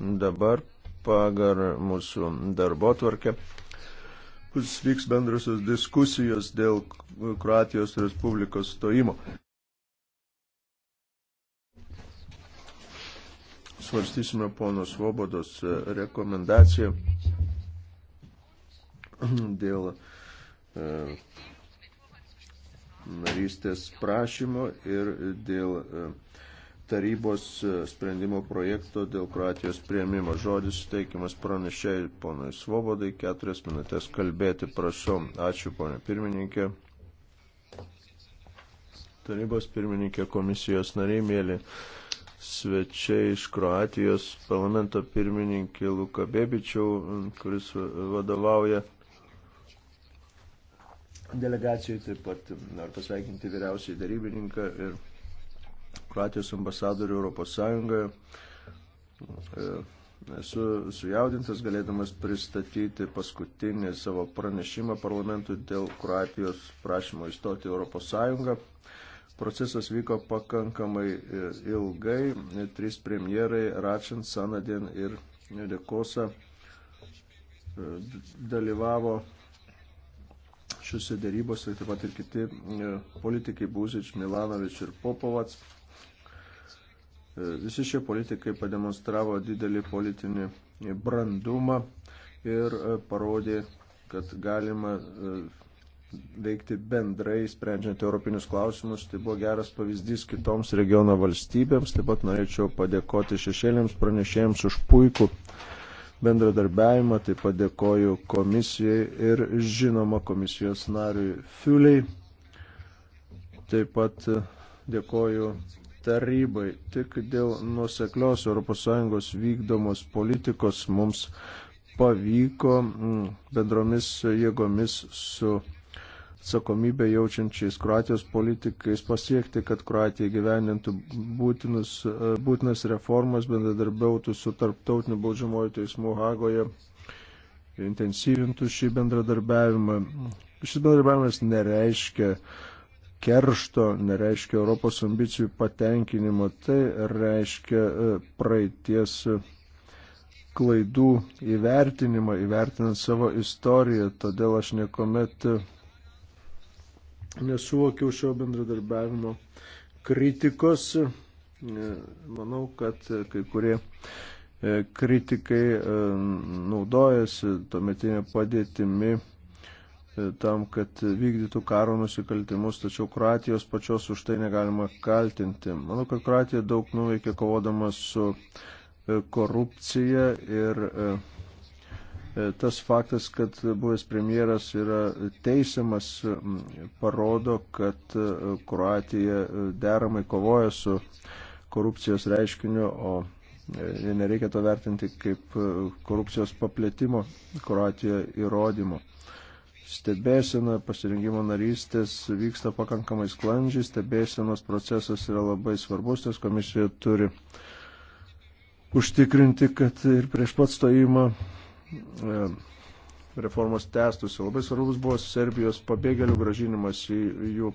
Dabar pagar mūsų darbo tvarkę vyks bendrusios diskusijos dėl Kroatijos Respublikos stojimo. Svarstysime pono Svobodos e, rekomendaciją dėl e, narystės prašymo ir dėl e, tarybos e, sprendimo projekto dėl Kroatijos prieimimo. Žodis suteikimas pranešėjai ponui Svobodai, keturias minutės kalbėti, prašau. Ačiū, ponė pirmininkė. Tarybos pirmininkė, komisijos nariai, mėly svečiai iš Kroatijos, parlamento pirmininkė Luka Bebičiau, kuris vadovauja delegacijai taip pat noriu pasveikinti vyriausiai darybininką ir Kroatijos ambasadorių Europos Sąjungoje. E, esu sujaudintas galėdamas pristatyti paskutinį savo pranešimą parlamentui dėl Kroatijos prašymo įstoti Europos Sąjungą. Procesas vyko pakankamai e, ilgai. Trys premjerai Račin, Sanadien ir Dekosa e, dalyvavo šiuose darybose, taip pat ir kiti politikai Buzič, Milanovič ir Popovac. Visi šie politikai pademonstravo didelį politinį brandumą ir e, parodė, kad galima e, veikti bendrai, sprendžiant europinius klausimus. Tai buvo geras pavyzdys kitoms regiono valstybėms. Taip pat norėčiau padėkoti šešėlėms pranešėjams už puikų bendradarbiavimą. Taip pat dėkoju komisijai ir žinoma komisijos nariui Fiuliai. Taip pat e, dėkoju tarybai. Tik dėl nuseklios ES vykdomos politikos mums pavyko mm, bendromis jėgomis su atsakomybę jaučiančiais Kroatijos politikais pasiekti, kad Kroatija gyvenintų būtinus, būtinas reformas, bendradarbiautų su tarptautiniu baudžiamoju teismu Hagoje, intensyvintų šį bendradarbiavimą. Šis bendradarbiavimas nereiškia uh, keršto, nereiškia Europos ambicijų patenkinimo, tai reiškia e, praeities e, klaidų įvertinimą, įvertinant savo istoriją. Todėl aš niekuomet e, nesuvokiau šio bendradarbiavimo kritikos. Manau, kad kai kurie kritikai naudojasi tuometinė padėtimi E, tam, kad vykdytų karo nusikaltimus, tačiau Kroatijos pačios už tai negalima kaltinti. Manau, kad Kroatija daug nuveikė kovodama su e, korupcija ir e, tas faktas, kad buvęs premjeras yra teisiamas, parodo, kad Kroatija deramai kovoja su korupcijos reiškiniu, o nereikia to vertinti kaip korupcijos paplėtimo Kroatijoje įrodymo stebėsena pasirinkimo narystės vyksta pakankamai sklandžiai, stebėsenos procesas yra labai svarbus, nes komisija turi užtikrinti, kad ir prieš pat stojimą e, reformos tęstusi. Labai svarbus buvo Serbijos pabėgėlių gražinimas į jų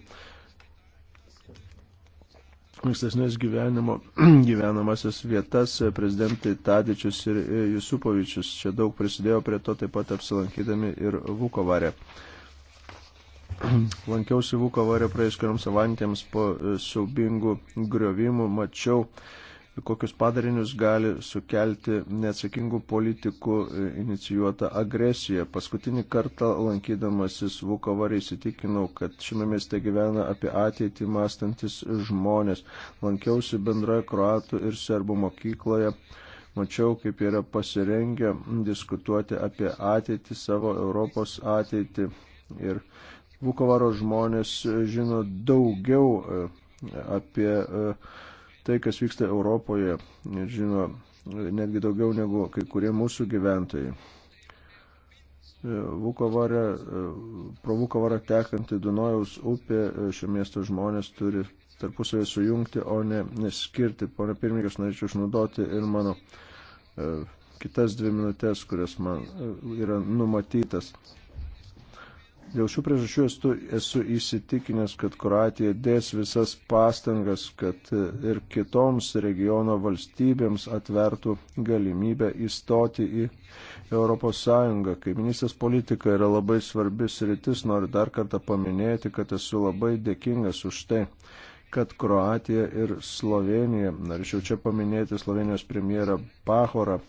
ankstesnės gyvenimo gyvenamasias vietas e, prezidentai Tadičius ir e, Jusupovičius. Čia daug prisidėjo prie to taip pat apsilankydami ir Vukovarė. Lankiausi Vukovarė praėjus kelioms savaitėms po e, siaubingų griovimų, mačiau kokius padarinius gali sukelti neatsakingų politikų e, inicijuota agresija. Paskutinį kartą lankydamasis Vukovarį įsitikinau, kad šiame mieste gyvena apie ateitį mąstantis žmonės. Lankiausi bendroje kroatų ir serbų mokykloje. Mačiau, kaip yra pasirengę diskutuoti apie ateitį, savo Europos ateitį. Ir Vukovaro žmonės žino daugiau e, apie uh, tai, kas vyksta Europoje, žino netgi daugiau negu kai kurie mūsų gyventojai. Vukovare, pro Vukovarą tekanti Dunojaus upė šio miesto žmonės turi tarpusavį sujungti, o ne skirti. Pone pirmininkas, norėčiau išnaudoti ir mano e, kitas dvi minutės, kurias man e, yra numatytas. Dėl šių priežasčių esu, esu įsitikinęs, kad Kroatija dės visas pastangas, kad e, ir kitoms regiono valstybėms atvertų galimybę įstoti į ES. Kaiminystės politika yra labai svarbis rytis. Noriu dar kartą paminėti, kad esu labai dėkingas už tai, kad Kroatija ir Slovenija, norėčiau čia paminėti Slovenijos premjerą Pahorą,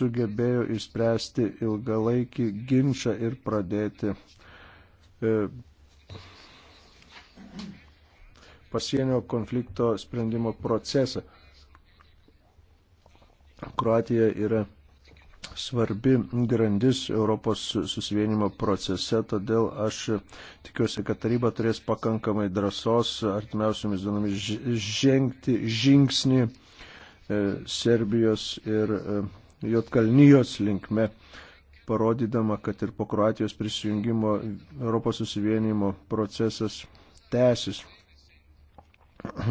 sugebėjo išspręsti ilgalaikį ginčą ir pradėti E, pasienio konflikto sprendimo procesą. Kroatija yra svarbi grandis Europos susivienimo procese, todėl aš tikiuosi, kad taryba turės pakankamai drąsos artimiausiamis dienomis žengti žingsnį e, Serbijos ir e, Jotkalnyjos linkme parodydama, kad ir po Kroatijos prisijungimo Europos susivienimo procesas tęsis.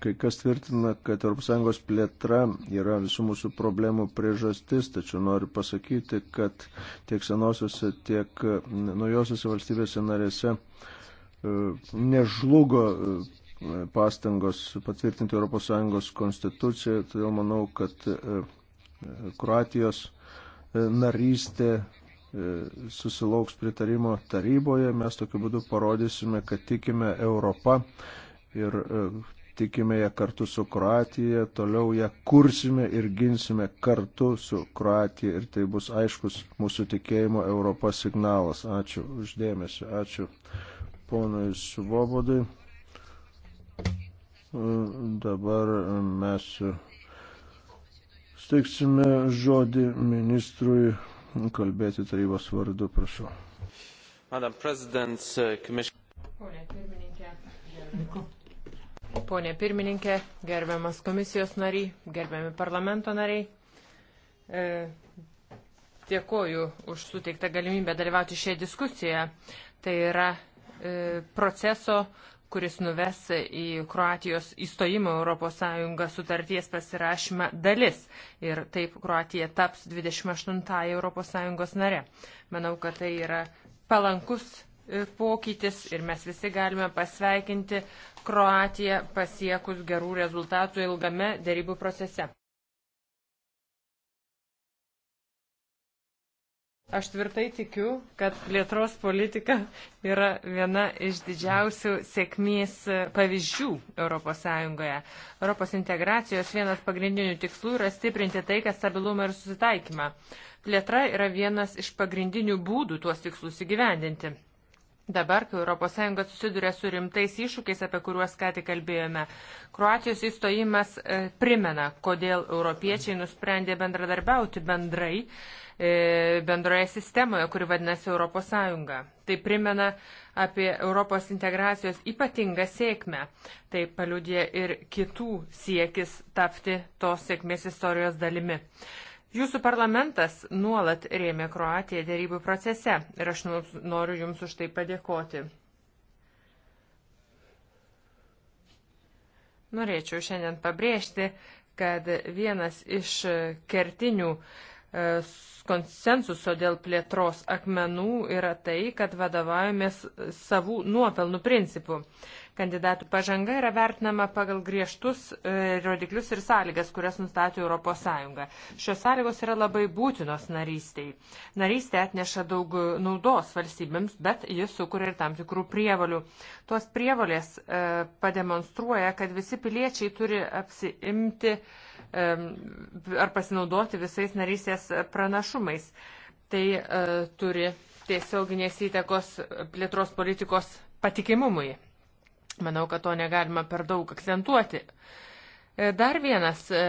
Kai kas tvirtina, kad ES plėtra yra visų mūsų problemų priežastis, tačiau noriu pasakyti, kad tiek senosiuose, tiek naujosiuose valstybėse narėse e, nežlugo e, pastangos patvirtinti ES konstituciją, todėl manau, kad e, e, Kroatijos e, narystė susilauks pritarimo taryboje, mes tokiu būdu parodysime, kad tikime Europą ir tikime ją kartu su Kroatija, toliau ją kursime ir ginsime kartu su Kroatija ir tai bus aiškus mūsų tikėjimo Europos signalas. Ačiū uždėmesi, ačiū ponui Svobodui. Dabar mes steiksime žodį ministrui kalbėti tarybos vardu, prašau. Madam President, uh, Commission. Pone pirmininkė, Pone pirmininkė, gerbiamas komisijos nariai, gerbiami parlamento nariai, e, dėkoju už suteiktą galimybę dalyvauti šioje diskusijoje. Tai yra e, proceso, kuris nuves į Kroatijos įstojimo ES sutarties pasirašymą dalis. Ir taip Kroatija taps 28 ES nare. Manau, kad tai yra palankus e, pokytis ir mes visi galime pasveikinti Kroatiją pasiekus gerų rezultatų ilgame dėrybų procese. Aš tvirtai tikiu, kad plėtros politika yra viena iš didžiausių sėkmės pavyzdžių ES. Europos integracijos vienas pagrindinių tikslų yra stiprinti taiką, stabilumą ir susitaikymą. Plėtra yra vienas iš pagrindinių būdų tuos tikslus įgyvendinti. Dabar, kai ES susiduria su rimtais iššūkiais, apie kuriuos ką tik kalbėjome, Kroatijos įstojimas e, primena, kodėl europiečiai nusprendė bendradarbiauti bendrai, e, bendroje sistemoje, kuri vadinasi ES. Tai primena apie Europos integracijos ypatingą sėkmę. Tai paliudė ir kitų siekis tapti tos sėkmės istorijos dalimi. Jūsų parlamentas nuolat rėmė Kroatiją dėrybų procese ir aš noriu Jums už tai padėkoti. Norėčiau šiandien pabrėžti, kad vienas iš kertinių e, konsensuso dėl plėtros akmenų yra tai, kad vadovaujamės savų nuopelnų principų. Kandidatų pažanga yra vertinama pagal griežtus e, rodiklius ir sąlygas, kurias nustatė ES. Šios sąlygos yra labai būtinos narystiai. Narystė atneša daug naudos valstybėms, bet jis sukuria ir tam tikrų prievalių. Tuos prievalės e, pademonstruoja, kad visi piliečiai turi apsiimti e, ar pasinaudoti visais narysės pranašumais. Tai e, turi tiesioginės įtakos plėtros politikos patikimumui. Manau, kad to negalima per daug akcentuoti. E, dar vienas e,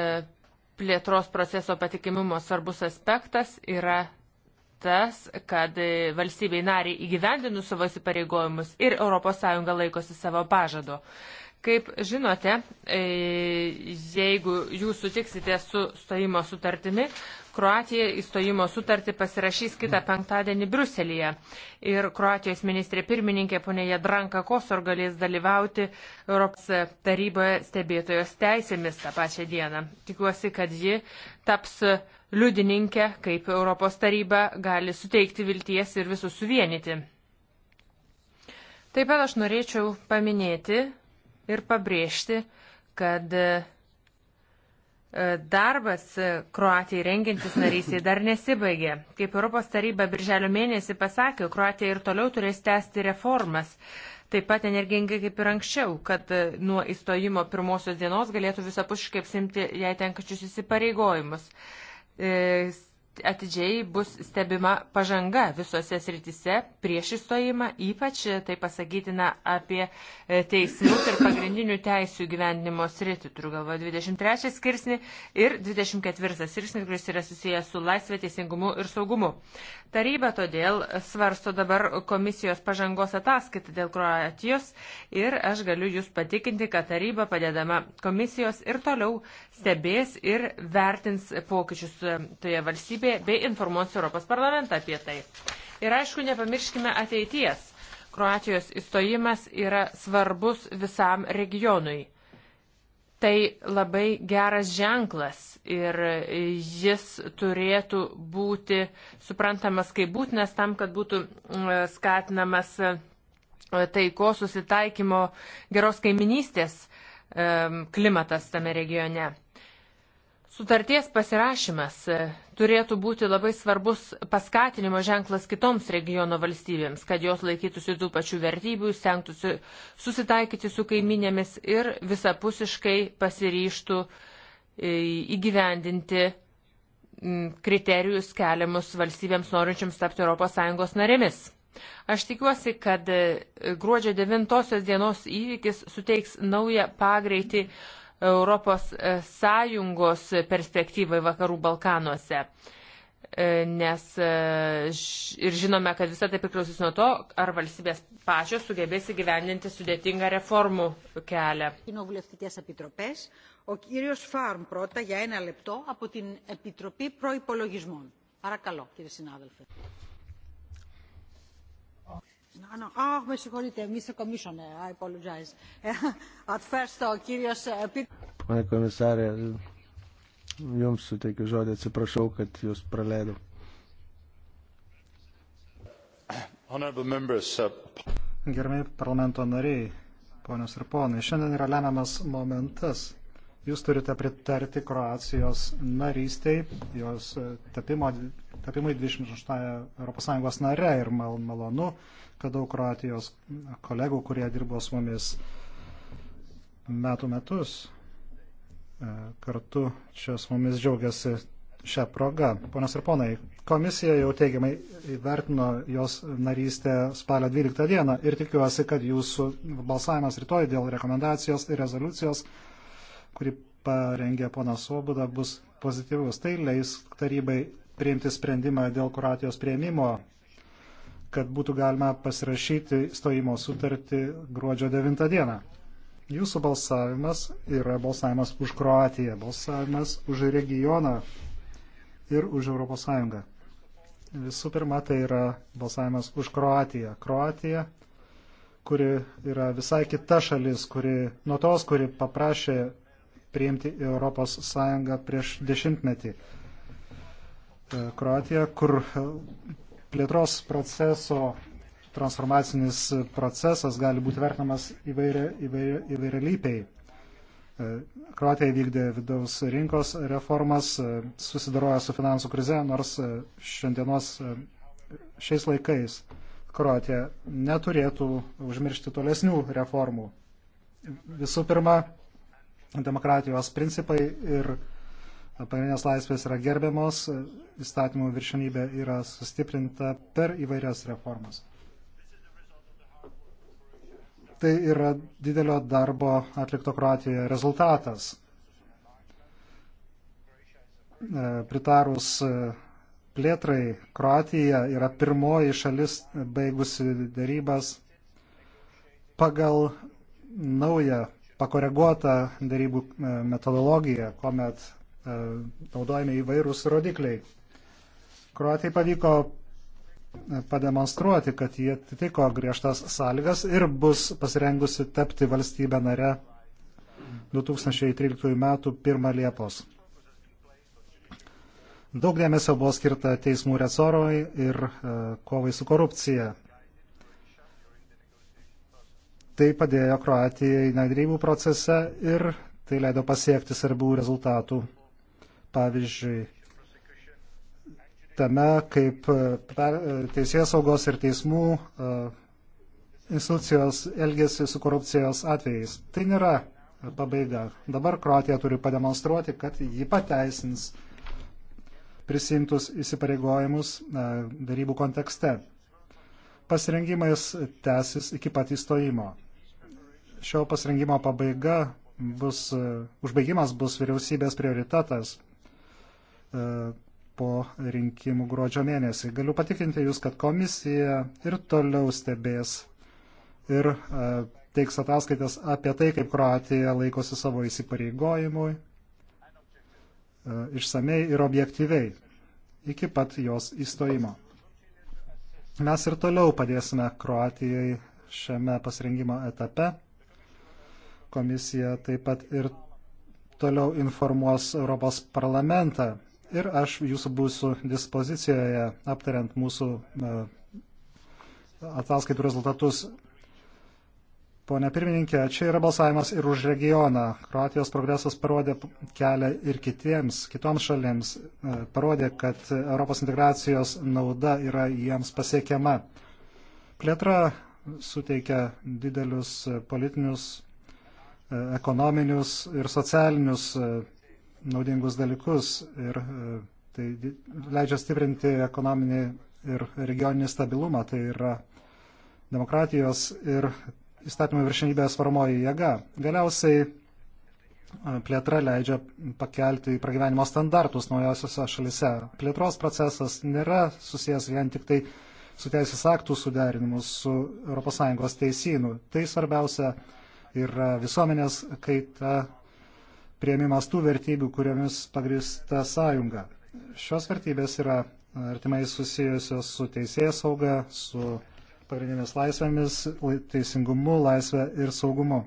plėtros proceso patikimumo svarbus aspektas yra tas, kad e, valstybei nariai įgyvendinus savo įsipareigojimus ir ES laikosi savo pažado. Kaip žinote, jeigu jūs sutiksite su stojimo sutartimi, Kroatija įstojimo sutartį pasirašys kitą penktadienį Bruselėje ir Kroatijos ministrė pirmininkė ponė Jadranka Kosor galės dalyvauti Europos taryboje stebėtojos teisėmis tą pačią dieną. Tikiuosi, kad ji taps liudininkė, kaip Europos taryba gali suteikti vilties ir visus suvienyti. Taip pat aš norėčiau paminėti ir pabrėžti, kad E, darbas e, Kroatijai rengintis narysiai dar nesibaigė. Kaip Europos taryba birželio mėnesį pasakė, Kroatija ir toliau turės tęsti reformas, taip pat energingai kaip ir anksčiau, kad e, nuo įstojimo pirmosios dienos galėtų visapušiškai apsimti jai tenkačius įsipareigojimus atidžiai bus stebima pažanga visose srityse prieš įstojimą, ypač e, tai pasakytina apie e, teismus ir pagrindinių teisų gyvendimo sritį, turiu galvo 23 skirsnį ir 24 skirsnį, kuris yra susijęs su laisvė, teisingumu ir saugumu. Taryba todėl svarsto dabar komisijos pažangos ataskaitą dėl Kroatijos ir aš galiu Jūs patikinti, kad taryba padedama komisijos ir toliau stebės ir vertins pokyčius e, toje valstybėje grupė bei informuos Europos parlamentą apie tai. Ir aišku, nepamirškime ateities. Kroatijos įstojimas yra svarbus visam regionui. Tai labai geras ženklas ir jis turėtų būti suprantamas kaip būtinas tam, kad būtų e, skatinamas e, taiko susitaikymo geros kaiminystės e, klimatas tame regione. Sutarties pasirašymas e, turėtų būti labai svarbus paskatinimo ženklas kitoms regiono valstybėms, kad jos laikytųsi tų pačių vertybių, stengtųsi susitaikyti su kaiminėmis ir visapusiškai pasiryštų e, įgyvendinti kriterijus keliamus valstybėms norinčiams tapti ES narėmis. Aš tikiuosi, kad e, gruodžio 9 dienos įvykis suteiks naują pagreitį Europos e, Sąjungos perspektyvai vakarų Balkanuose. E, nes e, ir žinome, kad visą tai priklausys nuo to, ar valstybės pačios sugebės įgyvendinti sudėtingą reformų kelią. Ο κύριος Φάρμ πρώτα για ένα λεπτό από την Επιτροπή Προϋπολογισμών. Παρακαλώ, κύριε συνάδελφε. No, no. Oh, με συγχωρείτε, Mr. Commissioner, I apologize. At first, ο κύριος Pane komisarė, jums suteikiu žodį, atsiprašau, kad jūs praleidau. Uh, Gerbėjai parlamento nariai, ponios ir ponai, šiandien yra lemiamas momentas. Jūs turite pritarti Kroacijos narystiai, jos e, tapimo tapimui 28 ES nare ir mal, malonu, kad daug Kroatijos kolegų, kurie dirbo su mumis metų metus, e, kartu čia su mumis džiaugiasi šią progą. Ponas ir ponai, komisija jau teigiamai įvertino jos narystę spalio 12 dieną ir tikiuosi, kad jūsų balsavimas rytoj dėl rekomendacijos ir rezoliucijos, kuri parengė ponas Svoboda, bus pozityvus. Tai leis tarybai priimti sprendimą dėl Kroatijos prieimimo, kad būtų galima pasirašyti stojimo sutartį gruodžio 9 dieną. Jūsų balsavimas yra balsavimas už Kroatiją, balsavimas už regioną ir už Europos Sąjungą. Visų pirma, tai yra balsavimas už Kroatiją. Kroatija, kuri yra visai kita šalis, kuri nuo tos, kuri paprašė priimti Europos Sąjungą prieš dešimtmetį. E, Kroatija, kur e, plėtros proceso transformacinis procesas gali būti vertinamas įvairialypiai. E, Kroatija vykdė vidaus rinkos reformas, susidaroja su finansų krize, nors šiandienos šiais laikais Kroatija neturėtų užmiršti tolesnių reformų. Visų pirma, demokratijos principai ir pagrindinės laisvės yra gerbiamos, įstatymų viršinybė yra sustiprinta per įvairias reformas. Tai yra didelio darbo atlikto Kroatijoje rezultatas. E, pritarus e, plėtrai, Kroatija yra pirmoji šalis baigusi darybas pagal naują pakoreguotą darybų e, metodologiją, kuomet E, naudojami įvairūs rodikliai. Kroatijai pavyko e, pademonstruoti, kad jie atitiko griežtas sąlygas ir bus pasirengusi tapti valstybę nare 2013 m. 1 Liepos. Daug dėmesio buvo skirta teismų resorui ir e, kovai su korupcija. Tai padėjo Kroatijai nedrybų procese ir tai leido pasiekti svarbių rezultatų pavyzdžiui, tame, kaip e, e, teisės saugos ir teismų e, institucijos elgesi su korupcijos atvejais. Tai nėra pabaiga. Dabar Kroatija turi pademonstruoti, kad ji pateisins prisimtus įsipareigojimus darybų kontekste. Pasirengimas tęsis iki pat įstojimo. Šio pasirengimo pabaiga bus, užbaigimas bus vyriausybės prioritetas E, po rinkimų gruodžio mėnesį. Galiu patikinti Jūs, kad komisija ir toliau stebės ir e, teiks ataskaitas apie tai, kaip Kroatija laikosi savo įsipareigojimui e, išsamei ir objektyviai iki pat jos įstojimo. Mes ir toliau padėsime Kroatijai šiame pasirengimo etape. Komisija taip pat ir toliau informuos Europos parlamentą ir aš jūsų būsiu dispozicijoje aptariant mūsų e, ataskaitų rezultatus. Pone pirmininkė, čia yra balsavimas ir už regioną. Kroatijos progresas parodė kelią ir kitiems, kitoms šalims, e, parodė, kad Europos integracijos nauda yra jiems pasiekiama. Plėtra suteikia didelius politinius, e, ekonominius ir socialinius naudingus dalykus ir e, tai leidžia stiprinti ekonominį ir regioninį stabilumą. Tai yra demokratijos ir įstatymų viršinybės varmoji jėga. Galiausiai e, plėtra leidžia pakelti pragyvenimo standartus naujosiuose šalise. Plėtros procesas nėra susijęs vien tik tai su teisės aktų suderinimu su ES teisynu. Tai svarbiausia yra visuomenės kaita, prieimimas tų vertybių, kuriomis pagrįsta sąjunga. Šios vertybės yra artimai susijusios su teisėjas sauga, su pagrindinėmis laisvėmis, teisingumu, laisvė ir saugumu.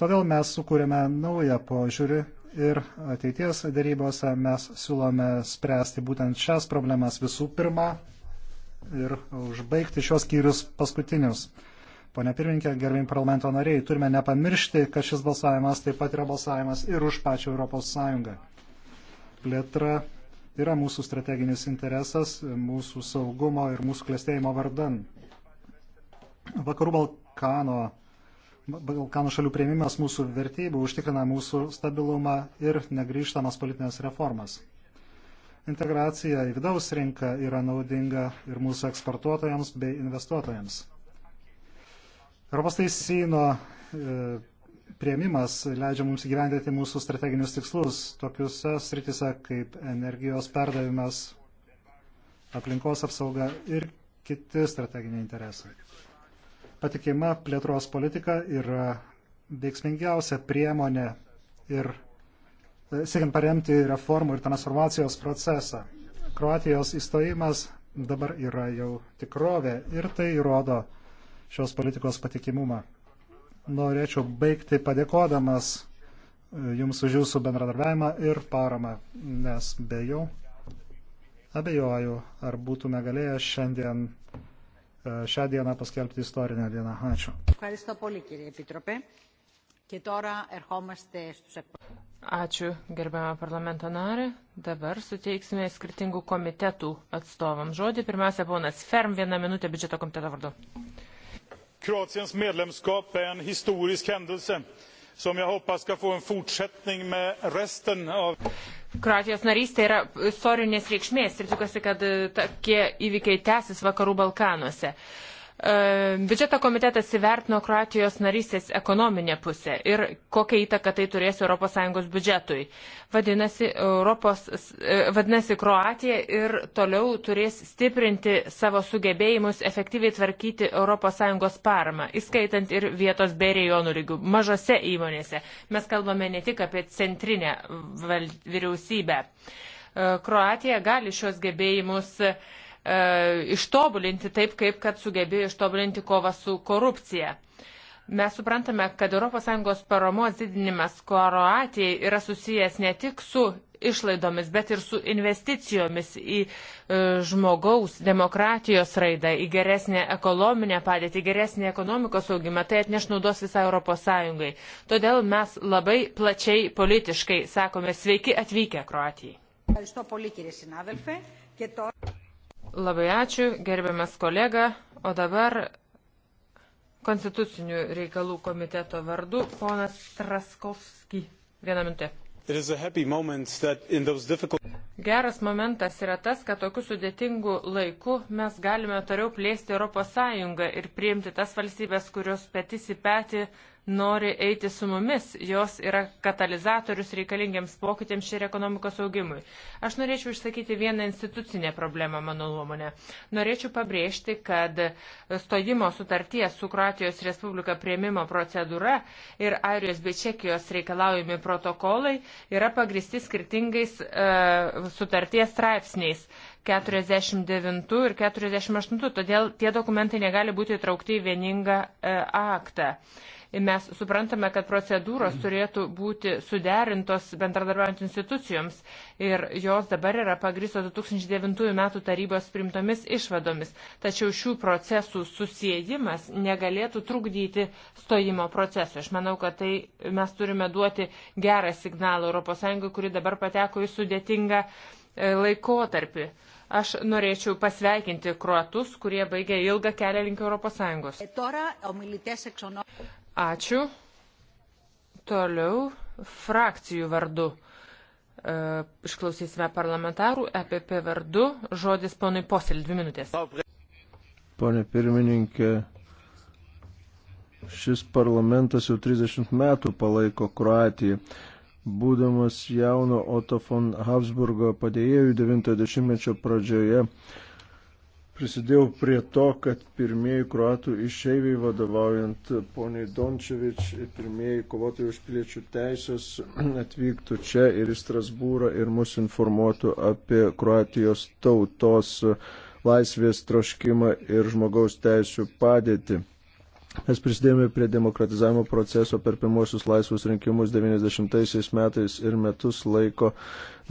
Todėl mes sukūrėme naują požiūrį ir ateities darybose mes siūlome spręsti būtent šias problemas visų pirma ir užbaigti šios skyrius paskutinius. Pone pirmininkė, gerbėjim parlamento nariai, turime nepamiršti, kad šis balsavimas taip pat yra balsavimas ir už pačią Europos Sąjungą. Plėtra yra mūsų strateginis interesas, mūsų saugumo ir mūsų klėstėjimo vardan. Vakarų Balkano, Balkanų šalių prieimimas mūsų vertybių užtikrina mūsų stabilumą ir negryžtamas politinės reformas. Integracija į vidaus rinką yra naudinga ir mūsų eksportuotojams bei investuotojams. Europos teisino e, prieimimas leidžia mums įgyvendinti mūsų strateginius tikslus tokiuose sritise kaip energijos perdavimas, aplinkos apsauga ir kiti strateginiai interesai. Patikima plėtros politika yra veiksmingiausia priemonė ir e, siekiant paremti reformų ir transformacijos procesą. Kroatijos įstojimas dabar yra jau tikrovė ir tai įrodo, šios politikos patikimumą. Norėčiau baigti padėkodamas e, Jums už Jūsų bendradarbiavimą ir paramą, nes be jo abejoju, ar būtume galėję šiandien e, šią dieną paskelbti istorinę dieną. Ačiū. Ačiū, gerbiamą parlamento narį. Dabar suteiksime skirtingų komitetų atstovam žodį. Pirmiausia, ponas Ferm, vieną minutę biudžeto komiteto vardu kroatiens medlemskap är en historisk händelse som jag hoppas skall få en fortsättning med resten av Kroatijos narystė tai yra istorinės reikšmės ir tikiuosi, kad tokie įvykiai tęsis Vakarų Balkanuose. Uh, E, biudžeto komitetas įvertino Kroatijos narystės ekonominę pusę ir kokią įtaką tai turės ES biudžetui. Vadinasi, Europos, e, vadinasi, Kroatija ir toliau turės stiprinti savo sugebėjimus efektyviai tvarkyti ES paramą, įskaitant ir vietos bei regionų lygių, mažose įmonėse. Mes kalbame ne tik apie centrinę vyriausybę. E, Kroatija gali šios gebėjimus uh, e, ištobulinti taip, kaip kad sugebėjo ištobulinti kovą su korupcija. Mes suprantame, kad ES paramos didinimas Kroatijai yra susijęs ne tik su išlaidomis, bet ir su investicijomis į e, žmogaus demokratijos raidą, į geresnę ekonominę padėtį, į geresnį ekonomikos augimą. Tai atneš naudos visai ES. Todėl mes labai plačiai politiškai sakome sveiki atvykę Kroatijai. Labai ačiū, gerbiamas kolega. O dabar Konstitucinių reikalų komiteto vardu ponas Traskovski. Vieną minutę. Difficult... Geras momentas yra tas, kad tokiu sudėtingu laiku mes galime toliau plėsti ES ir priimti tas valstybės, kurios petys į petį nori eiti su mumis, jos yra katalizatorius reikalingiams pokytėms ir ekonomikos augimui. Aš norėčiau išsakyti vieną institucinę problemą, mano nuomonė. Norėčiau pabrėžti, kad stojimo sutarties su Kroatijos Respublika prieimimo procedūra ir Airijos bei Čekijos reikalaujami protokolai yra pagristi skirtingais e, sutarties straipsniais. 49 ir 48, todėl tie dokumentai negali būti įtraukti į vieningą e, aktą. E, Mes suprantame, kad procedūros turėtų būti suderintos bendradarbiaujant institucijoms ir jos dabar yra pagristos 2009 metų tarybos primtomis išvadomis. Tačiau šių procesų susijėjimas negalėtų trukdyti stojimo procesui. Aš manau, kad tai mes turime duoti gerą signalą ES, kuri dabar pateko į sudėtingą e, laikotarpį. Aš norėčiau pasveikinti kruatus, kurie baigė ilgą kelią link ES. Ačiū. Toliau frakcijų vardu. E, išklausysime parlamentarų EPP vardu. Žodis ponui posėlį dvi minutės. Pane pirmininkė, šis parlamentas jau 30 metų palaiko Kroatiją. Būdamas jauno Otto von Habsburgo padėjėjų 90-mečio pradžioje, prisidėjau prie to, kad pirmieji kruatų išeiviai vadovaujant poniai Dončevič, pirmieji kovotojai už piliečių teisės atvyktų čia ir į Strasbūrą ir mus informuotų apie Kroatijos tautos laisvės troškimą ir žmogaus teisų padėtį. Mes prisidėjome prie demokratizavimo proceso per pirmosius laisvus rinkimus 90-aisiais metais ir metus laiko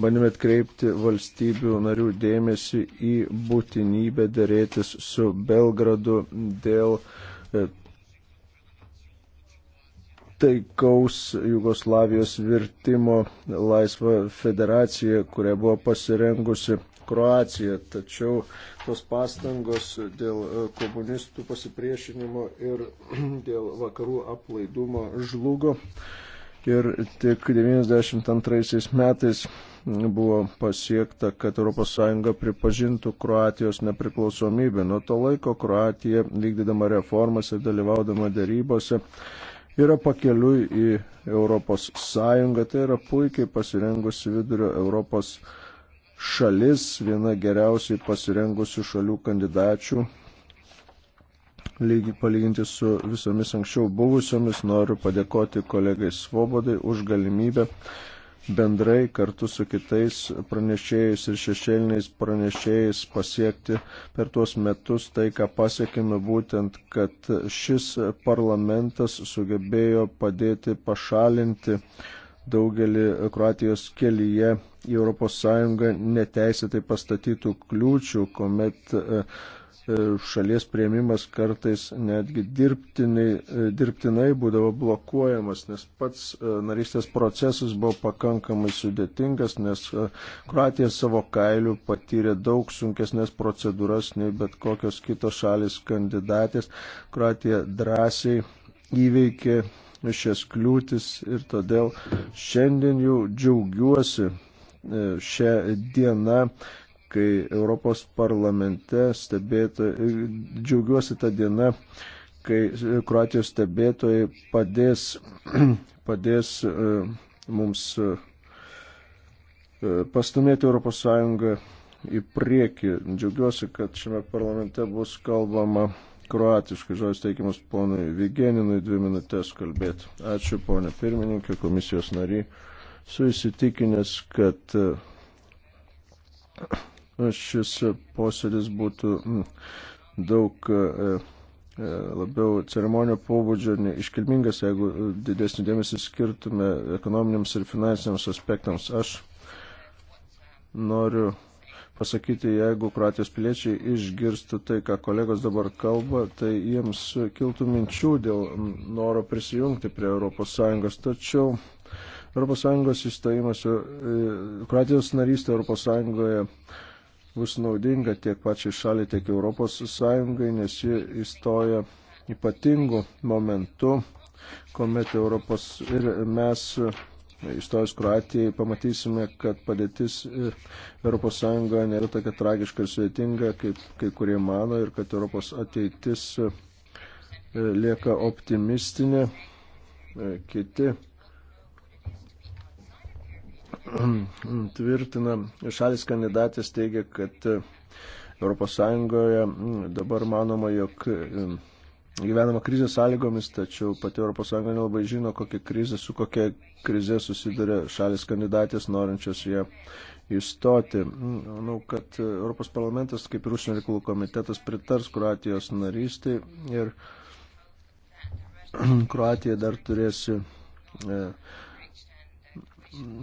bandėme atkreipti valstybių narių dėmesį į būtinybę dėrėtis su Belgradu dėl e, taikaus Jugoslavijos virtimo laisvą federaciją, kuria buvo pasirengusi Kroacija, tačiau tos pastangos dėl e, komunistų pasipriešinimo ir dėl vakarų aplaidumo žlugo. Ir tik 92 metais buvo pasiekta, kad ES pripažintų Kroatijos nepriklausomybę. Nuo to laiko Kroatija, vykdydama reformas ir dalyvaudama darybose, yra pakeliui į ES. Tai yra puikiai pasirengusi vidurio Europos šalis, viena geriausiai pasirengusių šalių kandidačių, lygi palyginti su visomis anksčiau buvusiomis, noriu padėkoti kolegai Svobodai už galimybę bendrai kartu su kitais pranešėjais ir šešėliniais pranešėjais pasiekti per tuos metus tai, ką pasiekime būtent, kad šis parlamentas sugebėjo padėti pašalinti uh, daugelį Kroatijos kelyje į ES neteisėtai pastatytų kliūčių, kuomet e, e, šalies prieimimas kartais netgi dirbtinai, e, dirbtinai būdavo blokuojamas, nes pats narystės procesas buvo pakankamai sudėtingas, nes Kroatija savo kailių patyrė daug sunkesnės procedūras nei bet kokios kitos šalis kandidatės. Kroatija drąsiai įveikė šias kliūtis ir todėl šiandien jau džiaugiuosi e, šią dieną, kai Europos parlamente stebėta, e, džiaugiuosi tą dieną, kai Kroatijos stebėtojai padės, padės e, mums pastumėti ES į priekį. Džiaugiuosi, kad šiame parlamente bus kalbama Kroatiškai žodis teikimas ponui Vigeninui dvi minutės kalbėti. Ačiū ponė pirmininkė, komisijos nariai. Su įsitikinęs, kad e, šis posėdis būtų daug e, e, labiau ceremonio pobūdžio iškilmingas, jeigu didesnį dėmesį skirtume ekonominiams ir finansiniams aspektams. Aš noriu pasakyti, jeigu Kroatijos piliečiai išgirstų tai, ką kolegos dabar kalba, tai jiems kiltų minčių dėl noro prisijungti prie ES. Tačiau ES įstojimas, e, Kroatijos narystė ES bus naudinga tiek pačiai šaliai, tiek ES, nes ji įstoja ypatingu momentu, kuomet Europos ir mes Įstojus Kroatijai pamatysime, kad padėtis ES nėra tokia tragiška ir sudėtinga, kaip kai kurie mano, ir kad Europos ateitis e, e, lieka optimistinė. E, kiti tvirtina, šalis kandidatės teigia, kad ES dabar manoma, jog gyvenama krizės sąlygomis, tačiau pati ES nelabai žino, kokia krizė, su kokia krizė susiduria šalis kandidatės, norinčios ją įstoti. Manau, kad Europos parlamentas, kaip ir užsienio reikalų komitetas, pritars Kroatijos narystį ir Kroatija dar turėsi e,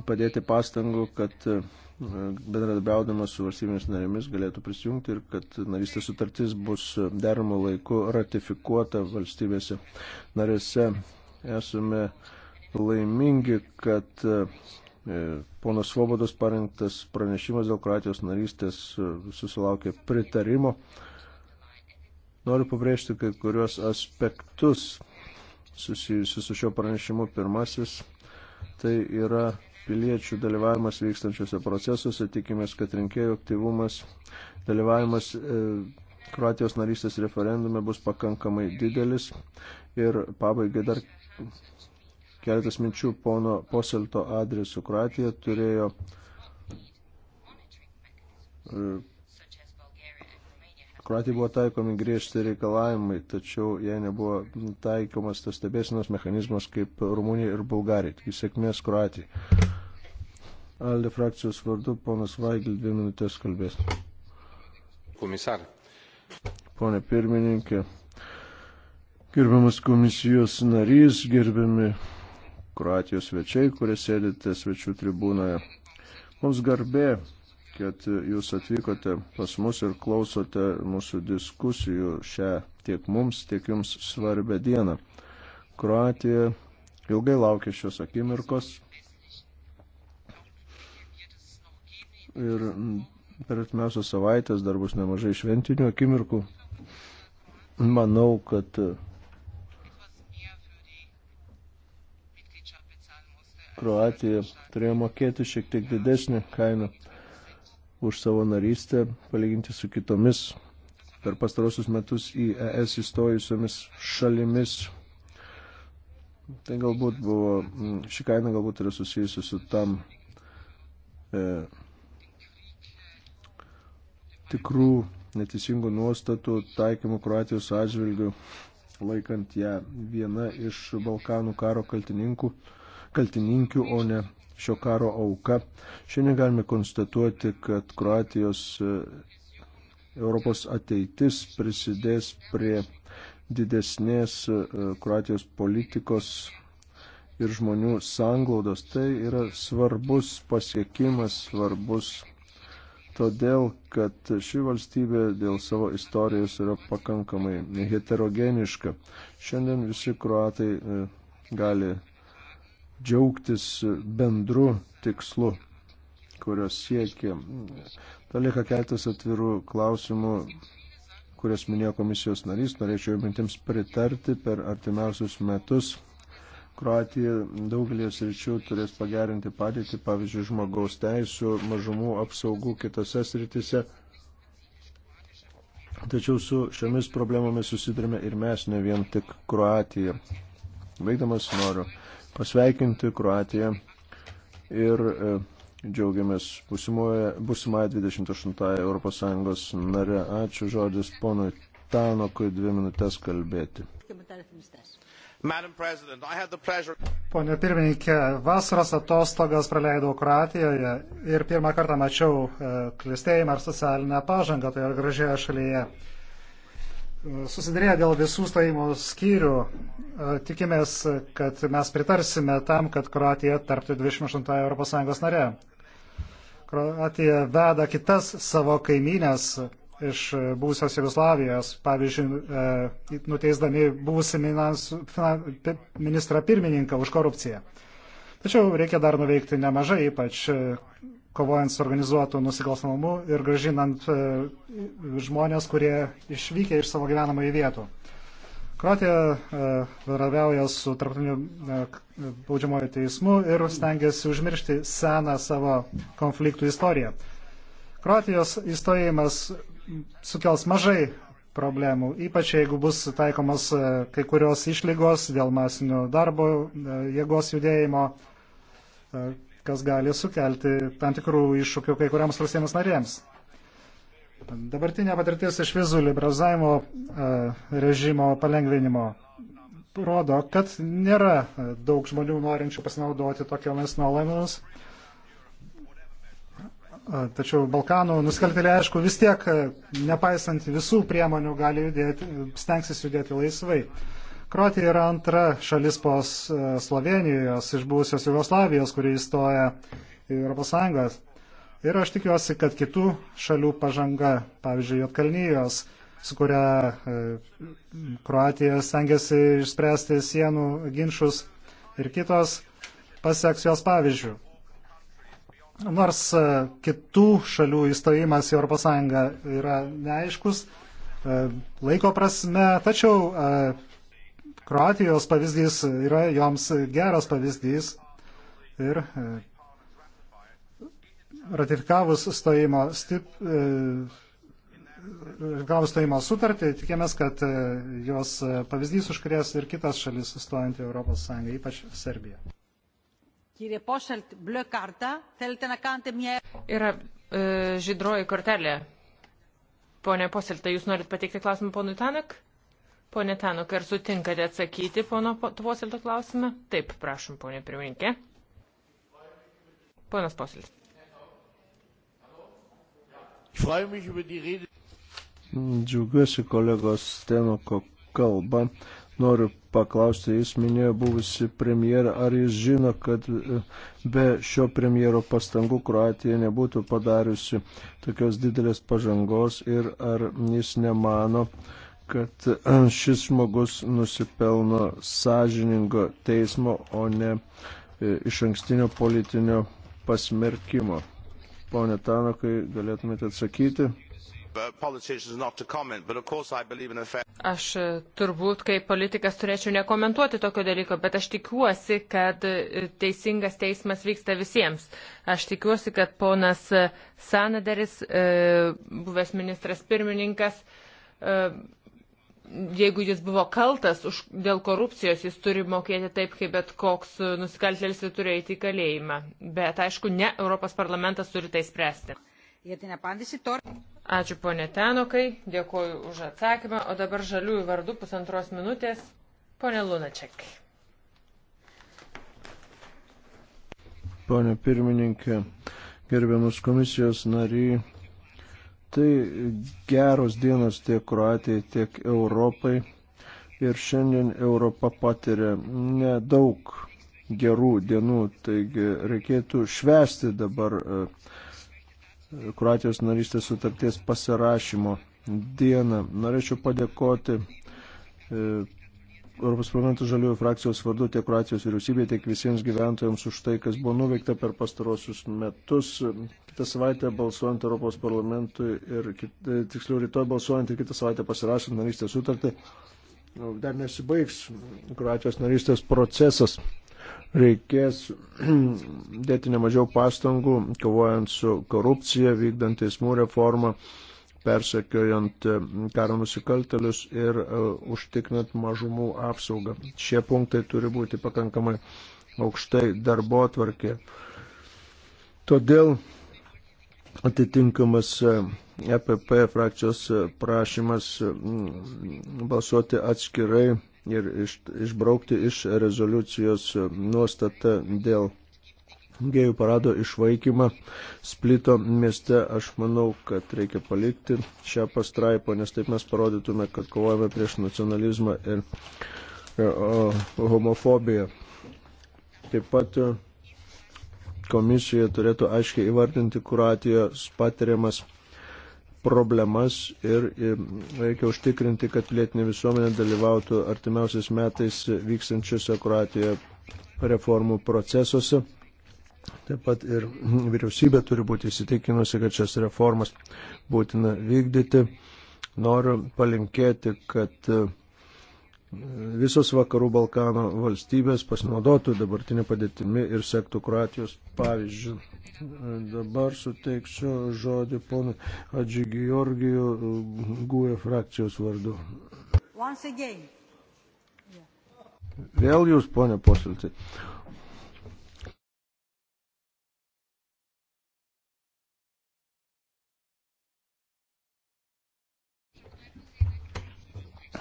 padėti pastangų, kad e, bendradarbiaudamas su valstybėmis narėmis galėtų prisijungti ir kad narystės sutartis bus deramų laiku ratifikuota valstybėse narėse. Esame laimingi, kad e, ponas Svobodos parinktas pranešimas dėl Kroatijos narystės e, susilaukė pritarimo. Noriu pabrėžti kai kuriuos aspektus susijusius su šio pranešimu. Pirmasis tai yra piliečių dalyvavimas vykstančiuose procesuose. Tikimės, kad rinkėjų aktyvumas, dalyvavimas e, Kroatijos narystės referendume bus pakankamai didelis. Ir pabaigai dar keletas minčių pono Poselto adresu. Kroatija turėjo e, Kroatijai buvo taikomi griežti reikalavimai, tačiau jai nebuvo taikomas tas stebėsinos mechanizmas kaip Rumunija ir Bulgarija. Tik sėkmės Kroatijai. Alde frakcijos vardu ponas Vaigil dvi minutės kalbės. Komisar. Pone pirmininkė, gerbiamas komisijos narys, gerbiami Kroatijos svečiai, kurie sėdite svečių tribūnoje. Mums garbė kad jūs atvykote pas mus ir klausote mūsų diskusijų šią tiek mums, tiek jums svarbę dieną. Kroatija ilgai laukia šios akimirkos ir per atmesios savaitės dar bus nemažai šventinių akimirkų. Manau, kad Kroatija turėjo mokėti šiek tiek didesnį kainą už savo narystę palyginti su kitomis per pastarosius metus į ES įstojusiomis šalimis. Tai galbūt buvo, ši kaina galbūt yra susijusi su tam e, tikrų neteisingų nuostatų taikymų Kroatijos atžvilgių, laikant ją viena iš Balkanų karo kaltininkų, kaltininkių, o ne šio karo auka. Šiandien galime konstatuoti, kad Kroatijos e, Europos ateitis prisidės prie didesnės e, Kroatijos politikos ir žmonių sanglaudos. Tai yra svarbus pasiekimas, svarbus todėl, kad ši valstybė dėl savo istorijos yra pakankamai heterogeniška. Šiandien visi kruatai e, gali džiaugtis bendru tikslu, kurios siekia. Tolieka keltas atvirų klausimų, kurias minėjo komisijos narys, norėčiau mintims pritarti per artimiausius metus. Kroatija daugelį sričių turės pagerinti padėtį, pavyzdžiui, žmogaus teisų, mažumų apsaugų kitose sritise. Tačiau su šiomis problemomis susidurime ir mes, ne vien tik Kroatija. Baigdamas noriu pasveikinti Kroatiją ir e, džiaugiamės būsimoje 28 ES nare. Ačiū žodis ponui Tanokui dvi minutės kalbėti. Pone pirmininkė, vasaros atostogas praleidau Kroatijoje ir pirmą kartą mačiau e, klistėjimą ar socialinę pažangą toje gražioje šalyje susidarė dėl visų stojimo skyrių. E, tikimės, kad mes pritarsime tam, kad Kroatija tarptų 28 ES nare. Kroatija veda kitas savo kaimynės iš būsios Jugoslavijos, pavyzdžiui, e, nuteisdami buvusi ministrą pirmininką už korupciją. Tačiau reikia dar nuveikti nemažai, ypač kovojant su organizuotu nusikalstamumu ir gražinant e, žmonės, kurie išvykė iš savo gyvenamąjį vietų. Kroatija varavauja e, su tarptautiniu e, baudžiamojo teismu ir stengiasi užmiršti seną savo konfliktų istoriją. Kroatijos įstojimas sukels mažai problemų, ypač jeigu bus taikomas kai kurios išlygos dėl masinio darbo, jėgos judėjimo, kas gali sukelti tam tikrų iššūkių kai kuriams valstybėms narėms. Dabartinė patirtis iš vizų liberalizavimo e, režimo palengvinimo rodo, kad nėra e, daug žmonių norinčių pasinaudoti tokiomis nuolaimomis. E, tačiau Balkanų nusikaltėliai, aišku, vis tiek, nepaisant visų priemonių, gali judėti, stengsis judėti laisvai. Kroatija yra antra šalis po e, Slovenijos iš buvusios Jugoslavijos, kuri įstoja į ES. Ir aš tikiuosi, kad kitų šalių pažanga, pavyzdžiui, Jotkalnyjos, su kuria e, Kroatija stengiasi išspręsti sienų ginčius ir kitos, paseks jos pavyzdžių. Nors e, kitų šalių įstojimas į ES yra neaiškus laiko prasme, tačiau Kroatijos pavyzdys yra joms geras pavyzdys ir e, ratifikavus stojimo, stip, e, ratifikavus stojimo sutartį, tikėmės, kad e, jos pavyzdys užkrės ir kitas šalis stojant į Europos Sąjungą, ypač Serbiją. Yra e, žydroji kortelė. Pone Poseltai, jūs norit pateikti klausimą ponui Tanak? Pone Tanuk, ar sutinkate atsakyti pono Tvosildo klausimą? Taip, prašom, ponė pirmininkė. Ponas Posilis. Džiaugiuosi kolegos Tenoko kalbą. Noriu paklausti, jis minėjo buvusi premjerą, ar jis žino, kad e, be šio premjero pastangų Kroatija nebūtų padariusi tokios didelės pažangos ir ar jis nemano, kad šis žmogus nusipelno sąžiningo teismo, o ne e, iš ankstinio politinio pasmerkimo. Pone Tanakai, galėtumėte atsakyti? Aš e, turbūt kaip politikas turėčiau nekomentuoti tokio dalyko, bet aš tikiuosi, kad e, teisingas teismas vyksta visiems. Aš tikiuosi, kad ponas Sanaderis, buvęs ministras pirmininkas, jeigu jis buvo kaltas už, dėl korupcijos, jis turi mokėti taip, kaip bet koks nusikaltėlis ir turi eiti į kalėjimą. Bet aišku, ne Europos parlamentas turi tai spręsti. Ačiū ponė Tenokai, dėkoju už atsakymą, o dabar žaliųjų vardų pusantros minutės ponė Lunaček. Pone pirmininkė, gerbiamas komisijos nariai, Tai geros dienos tiek Kroatijai, tiek Europai. Ir šiandien Europa patiria nedaug gerų dienų, taigi reikėtų švesti dabar e, Kroatijos narystės sutarties pasirašymo dieną. Norėčiau padėkoti e, Europos parlamento žaliųjų frakcijos vardu tiek Kroatijos vyriausybė, tiek visiems gyventojams už tai, kas buvo nuveikta per pastarosius metus kitą savaitę balsuojant Europos parlamentui ir kit, e, tiksliau rytoj balsuojant ir kitą savaitę pasirašant narystės sutartį, dar nesibaigs Kroatijos narystės procesas. Reikės dėti nemažiau pastangų, kovojant su korupcija, vykdant teismų reformą, persekiojant e, karo nusikaltelius ir uh, užtikrinant mažumų apsaugą. Šie punktai turi būti pakankamai aukštai darbo tvarkė. Todėl atitinkamas EPP e frakcijos e, prašymas e, balsuoti atskirai ir iš, išbraukti iš rezoliucijos nuostatą dėl gėjų parado išvaikymą splito mieste. Aš manau, kad reikia palikti šią pastraipą, nes taip mes parodytume, kad kovojame prieš nacionalizmą ir o, homofobiją. Taip pat komisija turėtų aiškiai įvardinti kuratijos patiriamas problemas ir reikia užtikrinti, kad lietinė visuomenė dalyvautų artimiausiais metais vykstančiose kuratijoje reformų procesuose. Taip pat ir vyriausybė turi būti įsitikinusi, kad šias reformas būtina vykdyti. Noriu palinkėti, kad visos vakarų Balkano valstybės pasinaudotų dabartinė padėtimi ir sektų Kroatijos pavyzdžių. Dabar suteiksiu žodį ponui Adži Georgijų GUE frakcijos vardu. Vėl jūs, ponė Posiltai.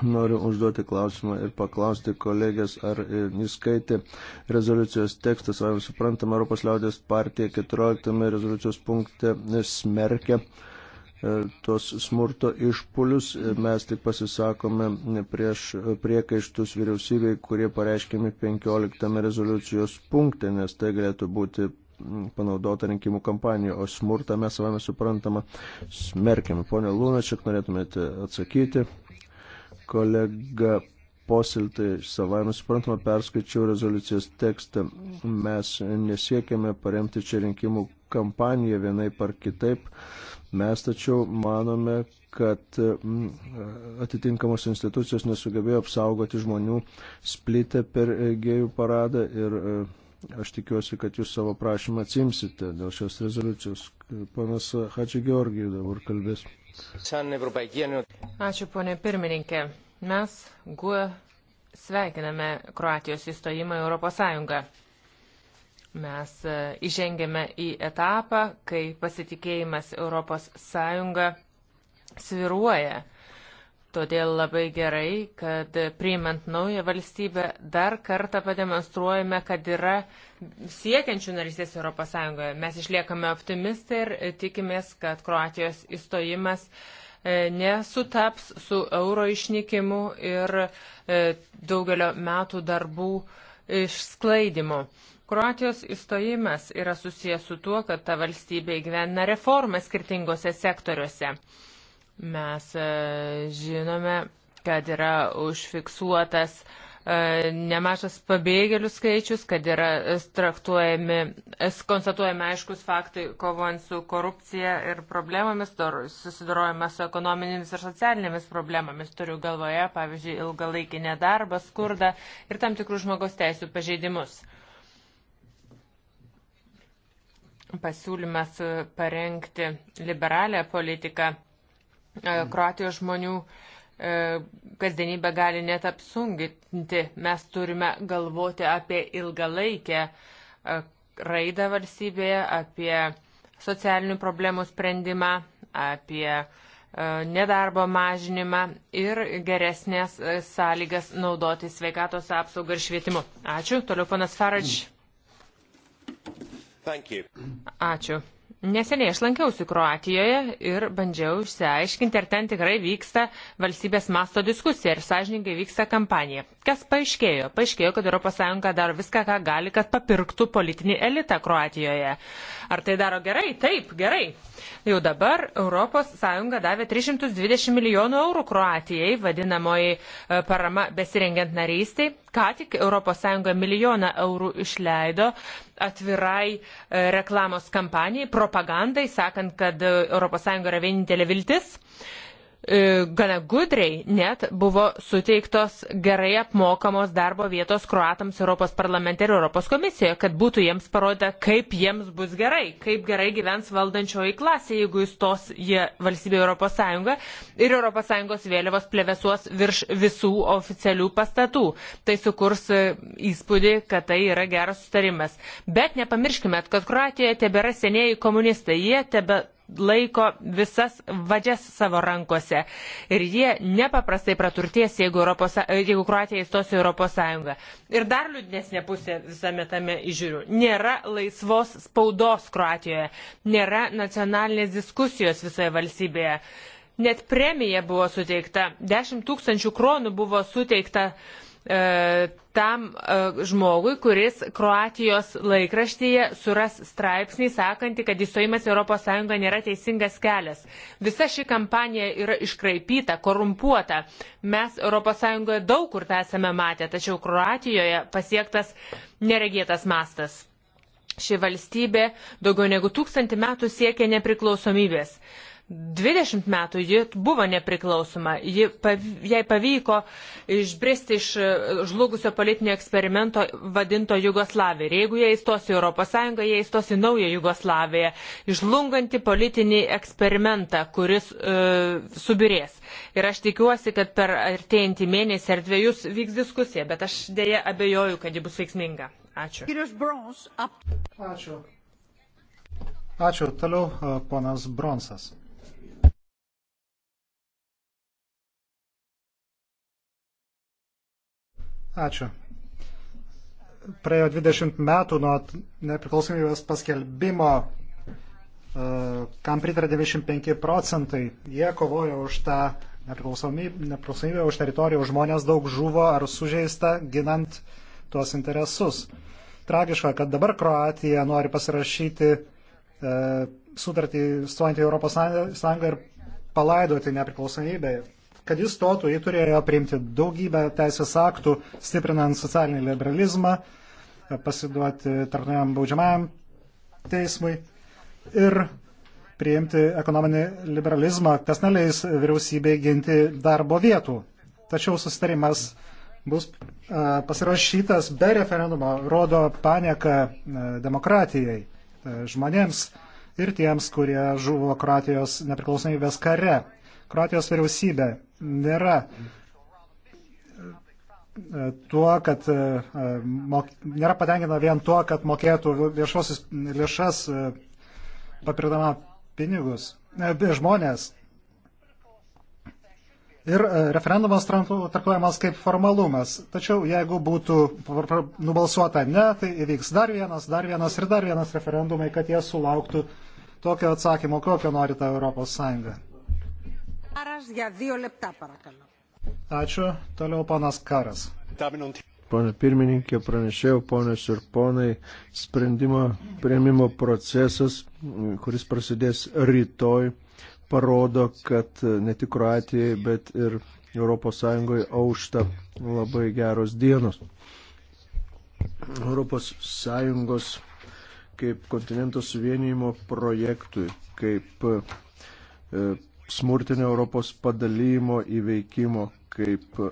Noriu užduoti klausimą ir paklausti kolegės, ar e, neskaitė rezoliucijos tekstas, ar suprantama, Europos liaudės partija 14 rezoliucijos punkte smerkia e, tos smurto išpulius. E, mes tik pasisakome prieš priekaištus vyriausybei, kurie pareiškėmi 15 rezoliucijos punkte, nes tai galėtų būti panaudota rinkimų kampanija, o smurtą mes savame suprantama smerkiam. Pone Lūnačiak, norėtumėte atsakyti? kolega posiltai savaime suprantama perskaičiau rezoliucijos tekstą. Mes nesiekėme paremti čia rinkimų kampaniją vienai par kitaip. Mes tačiau manome, kad mm, atitinkamos institucijos nesugebėjo apsaugoti žmonių splitę per gėjų paradą ir e, Aš tikiuosi, kad jūs savo prašymą atsimsite dėl šios rezoliucijos. Panas Hačiai Georgijų dabar kalbės. Ačiū, ponė pirmininkė. Mes GUE sveikiname Kroatijos įstojimą į Europos Sąjungą. Mes e, įžengėme į etapą, kai pasitikėjimas Europos Sąjunga sviruoja Todėl labai gerai, kad priimant naują valstybę dar kartą pademonstruojame, kad yra siekiančių narystės ES. Mes išliekame optimistai ir tikimės, kad Kroatijos įstojimas e, nesutaps su euro išnykimu ir e, daugelio metų darbų išsklaidimu. Kroatijos įstojimas yra susijęs su tuo, kad ta valstybė įgyvena reformą skirtingose sektoriuose. Mes e, žinome, kad yra užfiksuotas e, nemažas pabėgėlių skaičius, kad yra e, traktuojami, konstatuojami aiškus faktai kovojant su korupcija ir problemomis, susidorojama su ekonominėmis ir socialinėmis problemomis. Turiu galvoje, pavyzdžiui, ilgalaikį nedarbą, skurdą ir tam tikrų žmogaus teisų pažeidimus. Pasiūlymas parengti liberalę politiką E, Kroatijos žmonių e, kasdienybę gali net apsunginti. Mes turime galvoti apie ilgalaikę e, raidą valstybėje, apie socialinių problemų sprendimą, apie nedarbo mažinimą ir geresnės sąlygas naudoti sveikatos apsaugą ir švietimu. Ačiū. Toliau panas Faradž. Ačiū. Neseniai aš lankiausi Kroatijoje ir bandžiau išsiaiškinti, ar ten tikrai vyksta valstybės masto diskusija ir sąžininkai vyksta kampanija. Kas paaiškėjo? Paaiškėjo, kad ES daro viską, ką gali, kad papirktų politinį elitą Kroatijoje. Ar tai daro gerai? Taip, gerai. Jau dabar ES davė 320 milijonų eurų Kroatijai, vadinamoji e, parama besirengiant narystiai. Ką tik ES milijoną eurų išleido atvirai e, reklamos kampanijai, propagandai, sakant, kad ES yra vienintelė viltis. Uh, E, gana gudriai net buvo suteiktos gerai apmokamos darbo vietos kruatams Europos parlamente ir Europos komisijoje, kad būtų jiems parodyta, kaip jiems bus gerai, kaip gerai gyvens valdančioji klasė, jeigu įstos jie valstybė Europos Sąjunga ir Europos Sąjungos vėliavos plevesuos virš visų oficialių pastatų. Tai sukurs e, įspūdį, kad tai yra geras sustarimas. Bet nepamirškime, kad Kroatijoje tebėra senieji komunistai, jie tebe laiko visas vadžias savo rankose. Ir jie nepaprastai praturties, jeigu, Europos, jeigu Kroatija įstos į Europos Sąjungą. Ir dar liūdnesnė pusė visame tame žiūriu. Nėra laisvos spaudos Kroatijoje, nėra nacionalinės diskusijos visoje valstybėje. Net premija buvo suteikta, 10 tūkstančių kronų buvo suteikta uh, E, tam e, žmogui, kuris Kroatijos laikraštyje suras straipsnį sakantį, kad įstojimas ES nėra teisingas kelias. Visa ši kampanija yra iškraipyta, korumpuota. Mes ES daug kur tą esame matę, tačiau Kroatijoje pasiektas neregėtas mastas. Ši valstybė daugiau negu tūkstantį metų siekia nepriklausomybės. 20 metų ji buvo nepriklausoma, ji, jai pavyko išbristi iš e, žlugusio politinio eksperimento vadinto Jugoslavija. Ir jeigu jie įstos į ES, jie įstos į naują Jugoslaviją, išlungantį politinį eksperimentą, kuris e, subirės. Ir aš tikiuosi, kad per artėjantį mėnesį ar dviejus vyks diskusija, bet aš dėja abejoju, kad ji bus veiksminga. Ačiū. Ačiū. Ačiū. Toliau e, ponas Bronsas. Ačiū. Praėjo 20 metų nuo nepriklausomybės paskelbimo, e, kam pritarė 95 procentai. Jie kovojo už tą nepriklausomybę, už teritoriją, už žmonės daug žuvo ar sužeista, ginant tuos interesus. Tragiška, kad dabar Kroatija nori pasirašyti e, sutartį stojant į Europos Sąjungą ir palaidoti nepriklausomybę. Kad jis stotų, jį turėjo priimti daugybę teisės aktų, stiprinant socialinį liberalizmą, pasiduoti tarnojam baudžiamajam teismui ir priimti ekonominį liberalizmą, kas neleis vyriausybei ginti darbo vietų. Tačiau susitarimas bus pasirašytas be referendumo, rodo panieką demokratijai žmonėms ir tiems, kurie žuvo Kroatijos nepriklausomybės kare. Kroatijos vyriausybė nėra e, tuo, kad e, mok, nėra patenkina vien tuo, kad mokėtų viešosius lėšas e, papirdama pinigus, žmonės. Ir referendumas traktuojamas kaip formalumas. Tačiau jeigu būtų nubalsuota ne, tai įvyks dar vienas, dar vienas ir dar vienas referendumai, kad jie sulauktų tokio atsakymo, kokio nori ta Europos Sąjunga. Ačiū. Toliau panas Karas. Pone pirmininkė, pranešėjau, ponės ir ponai, sprendimo prieimimo procesas, kuris prasidės rytoj, parodo, kad ne tik Kroatijai, bet ir ES aušta labai geros dienos. ES kaip kontinento suvienijimo projektui, kaip e, smurtinio Europos padalymo įveikimo kaip e,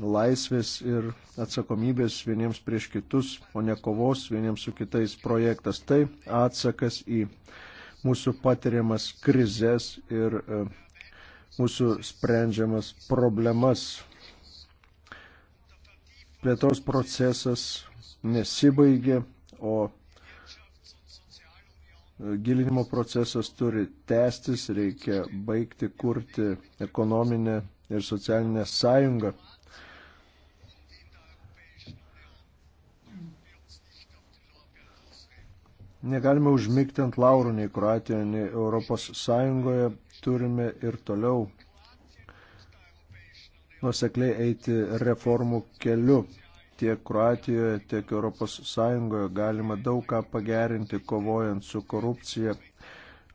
laisvės ir atsakomybės vieniems prieš kitus, o ne kovos vieniems su kitais projektas. Tai atsakas į mūsų patiriamas krizės ir e, mūsų sprendžiamas problemas. Plėtos procesas nesibaigė, o gilinimo procesas turi tęstis, reikia baigti kurti ekonominę ir socialinę sąjungą. Negalime užmygti ant laurų nei Kroatijoje, nei Europos Sąjungoje, turime ir toliau nusekliai eiti reformų keliu tiek Kroatijoje, tiek ES galima daug ką pagerinti, kovojant su korupcija,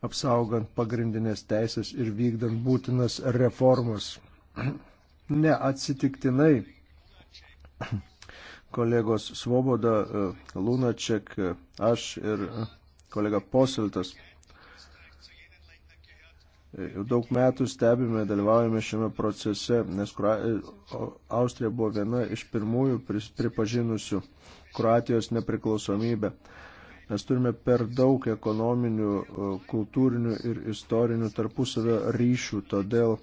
apsaugant pagrindinės teisės ir vykdant būtinas reformas. Neatsitiktinai kolegos Svoboda, e, Lunaček, e, aš ir e, kolega Posiltas Jau daug metų stebime, dalyvaujame šiame procese, nes Austrija buvo viena iš pirmųjų pripažinusių Kroatijos nepriklausomybę. Mes turime per daug ekonominių, kultūrinių ir istorinių tarpusavio ryšių, todėl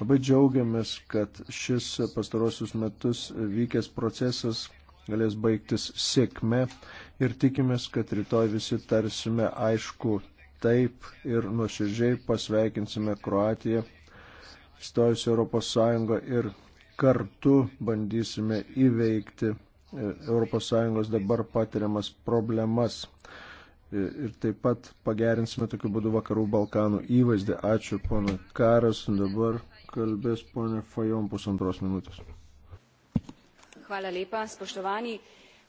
labai džiaugiamės, kad šis pastarosius metus vykęs procesas galės baigtis sėkme ir tikimės, kad rytoj visi tarsime aišku taip ir nuoširdžiai pasveikinsime Kroatiją, stojusi Europos Sąjungą ir kartu bandysime įveikti ES dabar patiriamas problemas. E, ir taip pat pagerinsime tokiu būdu vakarų Balkanų įvaizdį. Ačiū, pono Karas. Dabar kalbės ponė Fajon pusantros minutės. Hvala lepa, spoštovani.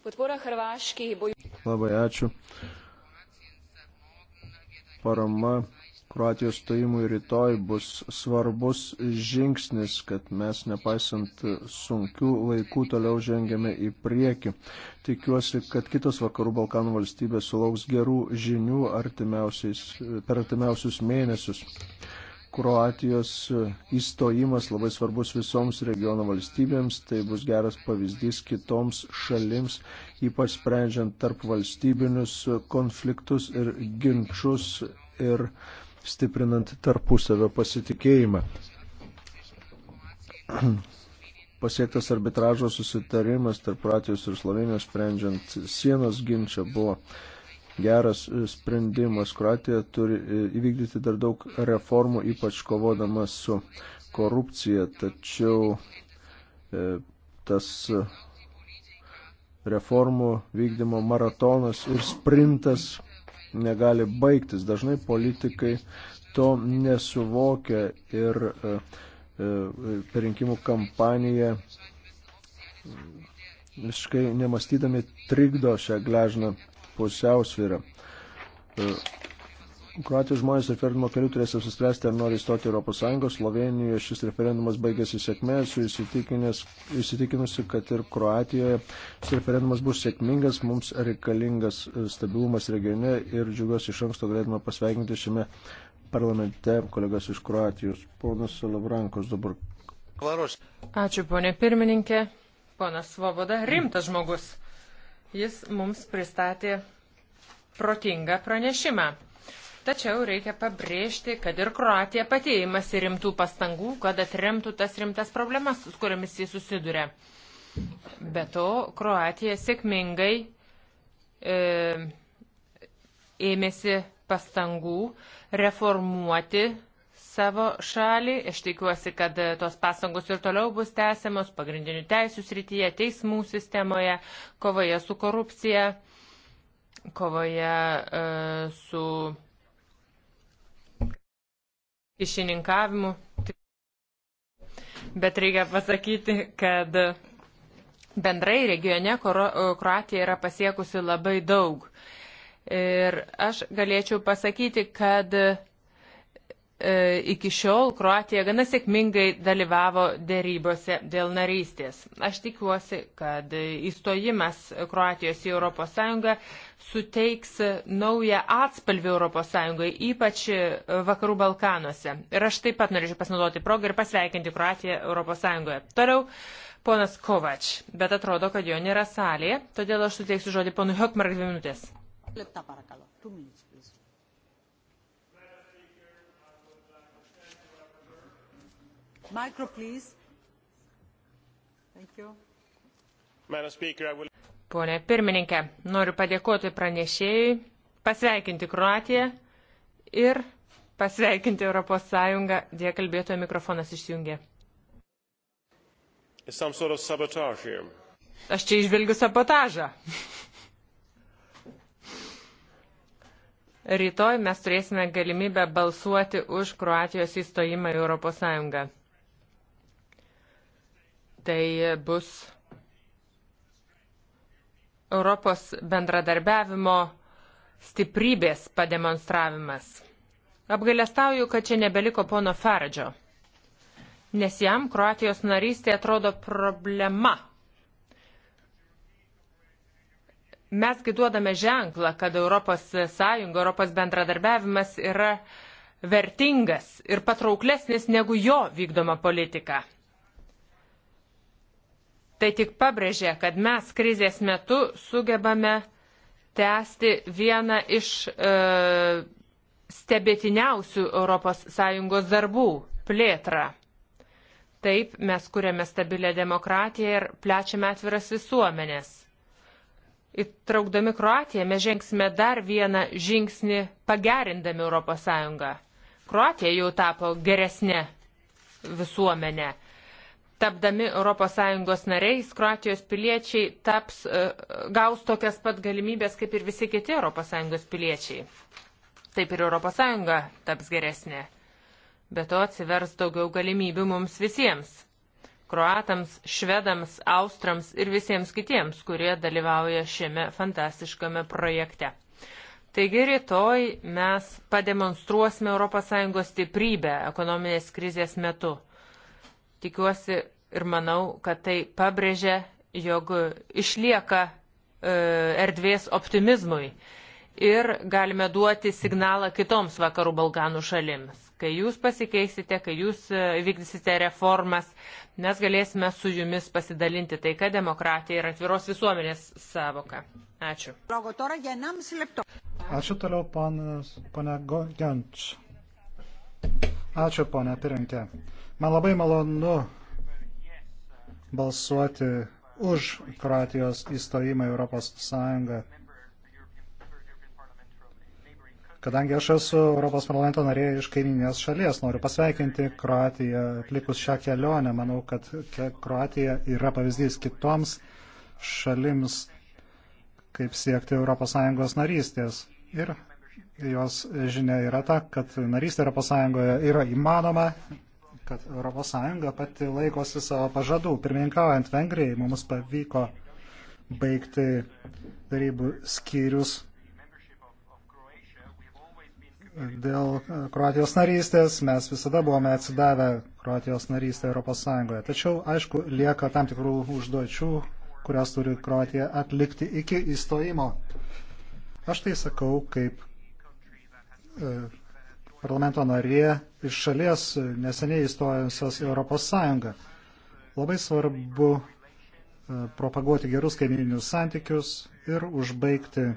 Podpora Hrvaški boj. Labai ačiū parama Kroatijos stojimui rytoj bus svarbus žingsnis, kad mes nepaisant sunkių laikų toliau žengėme į priekį. Tikiuosi, kad kitos vakarų Balkanų valstybės sulauks gerų žinių artimiausiais, per artimiausius mėnesius. Kroatijos įstojimas labai svarbus visoms regiono valstybėms, tai bus geras pavyzdys kitoms šalims, ypač sprendžiant tarp valstybinius konfliktus ir ginčius ir stiprinant tarpusavio pasitikėjimą. Pasiektas arbitražo susitarimas tarp Kroatijos ir Slovenijos sprendžiant sienos ginčią buvo geras e, sprendimas. Kroatija turi e, įvykdyti dar daug reformų, ypač kovodama su korupcija, tačiau e, tas reformų vykdymo maratonas ir sprintas negali baigtis. Dažnai politikai to nesuvokia ir per rinkimų kampaniją visiškai nemastydami trikdo šią gležną pusiausvyrą. E, Kroatijos žmonės referendumo keliu turės apsispręsti, ar nori įstoti Europos Sąjungos. Slovenijoje šis referendumas baigėsi sėkmė, esu įsitikinusi, kad ir Kroatijoje šis referendumas bus sėkmingas, mums reikalingas e, stabilumas regione ir džiugiuosi iš anksto galėtume pasveikinti šiame parlamente kolegas iš Kroatijos. Ponas Lavrankos dabar. Ačiū, ponė pirmininkė. Ponas Svoboda, rimtas žmogus. Jis mums pristatė protingą pranešimą. Tačiau reikia pabrėžti, kad ir Kroatija pati įmasi rimtų pastangų, kad atremtų tas rimtas problemas, su kuriamis jis susiduria. Be to, Kroatija sėkmingai e, ėmėsi pastangų reformuoti savo šalį. Aš tikiuosi, kad e, tos pastangos ir toliau bus tęsiamos pagrindinių teisų srityje, teismų sistemoje, kovoje su korupcija, kovoje e, su kišininkavimu. Bet reikia pasakyti, kad bendrai regione e, Kroatija yra pasiekusi labai daug. Ir aš galėčiau pasakyti, kad E, iki šiol Kroatija gana sėkmingai dalyvavo dėrybose dėl narystės. Aš tikiuosi, kad įstojimas Kroatijos į ES suteiks naują atspalvį ES, ypač Vakarų Balkanuose. Ir aš taip pat norėčiau pasinaudoti progą ir pasveikinti Kroatiją ES. Toliau. Ponas Kovač, bet atrodo, kad jo nėra salėje, todėl aš suteiksiu žodį ponui Hokmark dvi minutės. Lepta, parakalo, tu minutės. Micro, please. Thank you. Madam Speaker, I will... Pone pirmininkė, noriu padėkoti pranešėjai, pasveikinti Kroatiją ir pasveikinti Europos Sąjungą, dėja kalbėtojo mikrofonas išjungė. Sort of Aš čia išvelgiu sabotažą. Rytoj mes turėsime galimybę balsuoti už Kroatijos įstojimą į Europos Sąjungą tai bus Europos bendradarbiavimo stiprybės pademonstravimas. Apgailestauju, kad čia nebeliko pono Faradžio, nes jam Kroatijos narystė atrodo problema. Mesgi duodame ženklą, kad Europos Sąjunga, Europos bendradarbiavimas yra vertingas ir patrauklesnis negu jo vykdoma politika. Tai tik pabrėžė, kad mes krizės metu sugebame tęsti vieną iš e, stebėtiniausių ES darbų - plėtrą. Taip mes kuriame stabilę demokratiją ir plečiame atviras visuomenės. Įtraukdami Kroatiją mes žengsime dar vieną žingsnį pagerindami ES. Kroatija jau tapo geresnė visuomenė tapdami ES nariais, Kroatijos piliečiai taps, e, gaus tokias pat galimybės kaip ir visi kiti ES piliečiai. Taip ir ES taps geresnė. Be to atsivers daugiau galimybių mums visiems. Kroatams, švedams, austrams ir visiems kitiems, kurie dalyvauja šiame fantastiškame projekte. Taigi rytoj mes pademonstruosime ES stiprybę ekonominės krizės metu Tikiuosi ir manau, kad tai pabrėžia, jog išlieka e, erdvės optimizmui ir galime duoti signalą kitoms vakarų Balkanų šalims. Kai jūs pasikeisite, kai jūs e, vykdysite reformas, mes galėsime su jumis pasidalinti tai, kad demokratija yra atviros visuomenės savoka. Ačiū. Ačiū toliau, panas, pane Gonč. Ačiū, ponė Pirinkė. Man labai malonu balsuoti už Kroatijos įstojimą Europos Sąjungą. Kadangi aš esu Europos parlamento narė iš kaiminės šalies, noriu pasveikinti Kroatiją atlikus šią kelionę. Manau, kad Kroatija yra pavyzdys kitoms šalims, kaip siekti ES narystės. Ir jos žinia yra ta, kad narystė ES yra įmanoma kad ES pati laikosi savo pažadų. Pirmininkaujant Vengrijai mums pavyko baigti darybų skyrius dėl Kroatijos narystės. Mes visada buvome atsidavę Kroatijos narystę ES. Tačiau, aišku, lieka tam tikrų užduočių, kurias turi Kroatija atlikti iki įstojimo. Aš tai sakau kaip e, parlamento narė iš šalies neseniai įstojusios į Europos Sąjungą. Labai svarbu e, propaguoti gerus kaimininius santykius ir užbaigti e,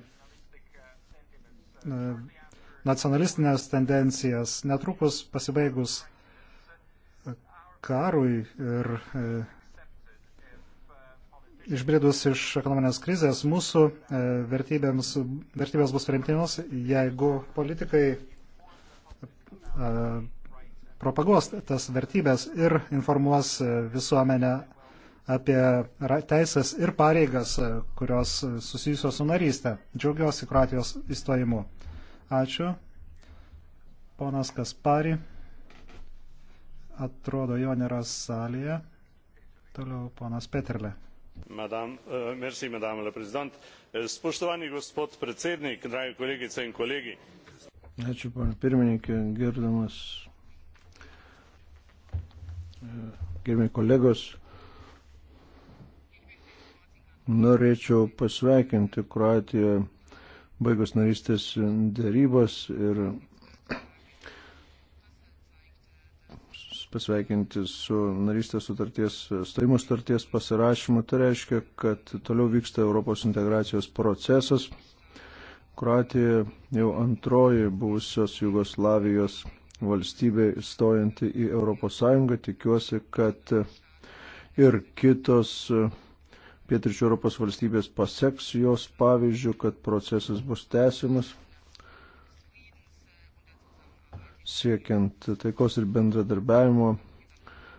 nacionalistinės tendencijas. Netrukus pasibaigus e, karui ir išbridus iš ekonominės krizės, mūsų vertybės bus priimtinos, jeigu politikai E, propaguos tas vertybės ir informuos e, visuomenę apie teisės ir pareigas, e, kurios susijusios su narystė. Džiaugiuosi Kroatijos įstojimu. Ačiū. Ponas Kaspari. Atrodo, jo nėra salėje. Toliau ponas Peterle. Madam, merci, madam, le prezident. Spoštovani gospod predsednik, dragi kolegice in kolegi. Ačiū, pan pirmininkė, gerdamas, e, gerbimi kolegos. Norėčiau pasveikinti Kroatiją baigus narystės darybas ir pasveikinti su narystės sutarties, stojimo sutarties pasirašymu. Tai reiškia, kad toliau vyksta Europos integracijos procesas. Kroatija jau antroji buvusios Jugoslavijos valstybė įstojanti į ES. Tikiuosi, kad ir kitos pietričių Europos valstybės paseks jos pavyzdžių, kad procesas bus tęsiamas siekiant taikos ir bendradarbiavimo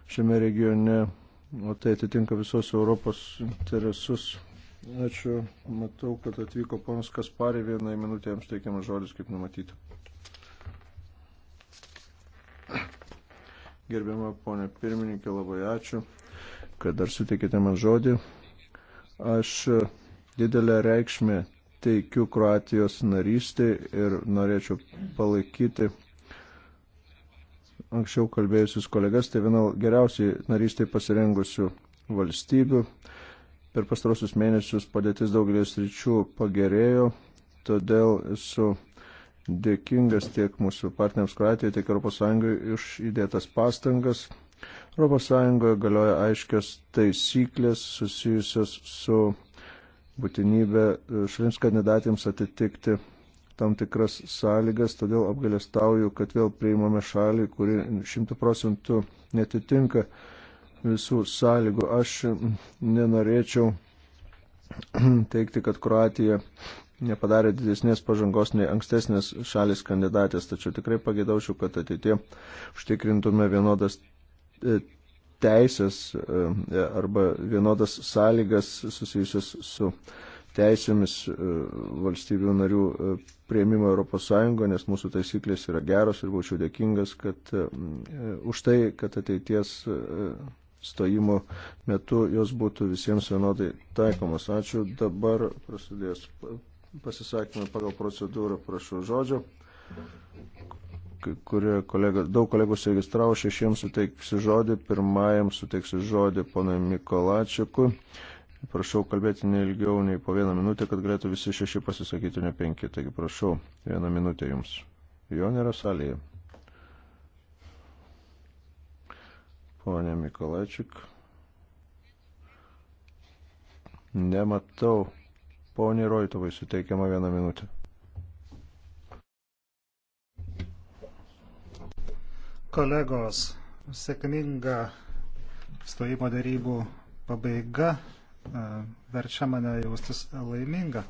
šiame regione, o tai atitinka visos Europos interesus. Ačiū. Matau, kad atvyko ponas Kasparė vienai minutė, jam steikiamas žodis, kaip numatyta. Gerbiama ponė pirmininkė, labai ačiū, kad dar sutikite man žodį. Aš didelę reikšmę teikiu Kroatijos narystį ir norėčiau palaikyti anksčiau kalbėjusius kolegas, tai viena geriausiai narystai pasirengusių valstybių. Per pastarosius mėnesius padėtis daugelės ryčių pagerėjo, todėl esu dėkingas tiek mūsų partneriams Kroatijoje, tiek ES už įdėtas pastangas. ES galioja aiškios taisyklės susijusios su būtinybė e, šalims kandidatėms atitikti tam tikras sąlygas, todėl apgalėstauju, kad vėl priimame šalį, kuri šimtų procentų netitinka visų sąlygų. Aš nenorėčiau teikti, kad Kroatija nepadarė didesnės pažangos nei ankstesnės šalis kandidatės, tačiau tikrai pagėdaučiau, kad ateitie užtikrintume vienodas e, teisės e, arba vienodas sąlygas susijusios su teisėmis e, valstybių narių prieimimo ES, nes mūsų taisyklės yra geros ir būčiau dėkingas, kad už tai, kad ateities stojimo metu jos būtų visiems vienodai taikomos. Ačiū. Dabar prasidės pasisakymai pagal procedūrą, prašau žodžio kurie kolega, daug kolegų registravo, šešiems suteiksiu žodį, pirmajam suteiksiu žodį ponai Mikolačiukui. Prašau kalbėti neilgiau nei po vieną minutę, kad galėtų visi šeši pasisakyti, ne penki. Taigi prašau, vieną minutę jums. Jo nėra salėje. Pone Mikolaičik. Nematau. Pone Roitovai suteikiama vieną minutę. Kolegos, sėkminga stojimo darybų pabaiga e, verčia mane jaustis laiminga.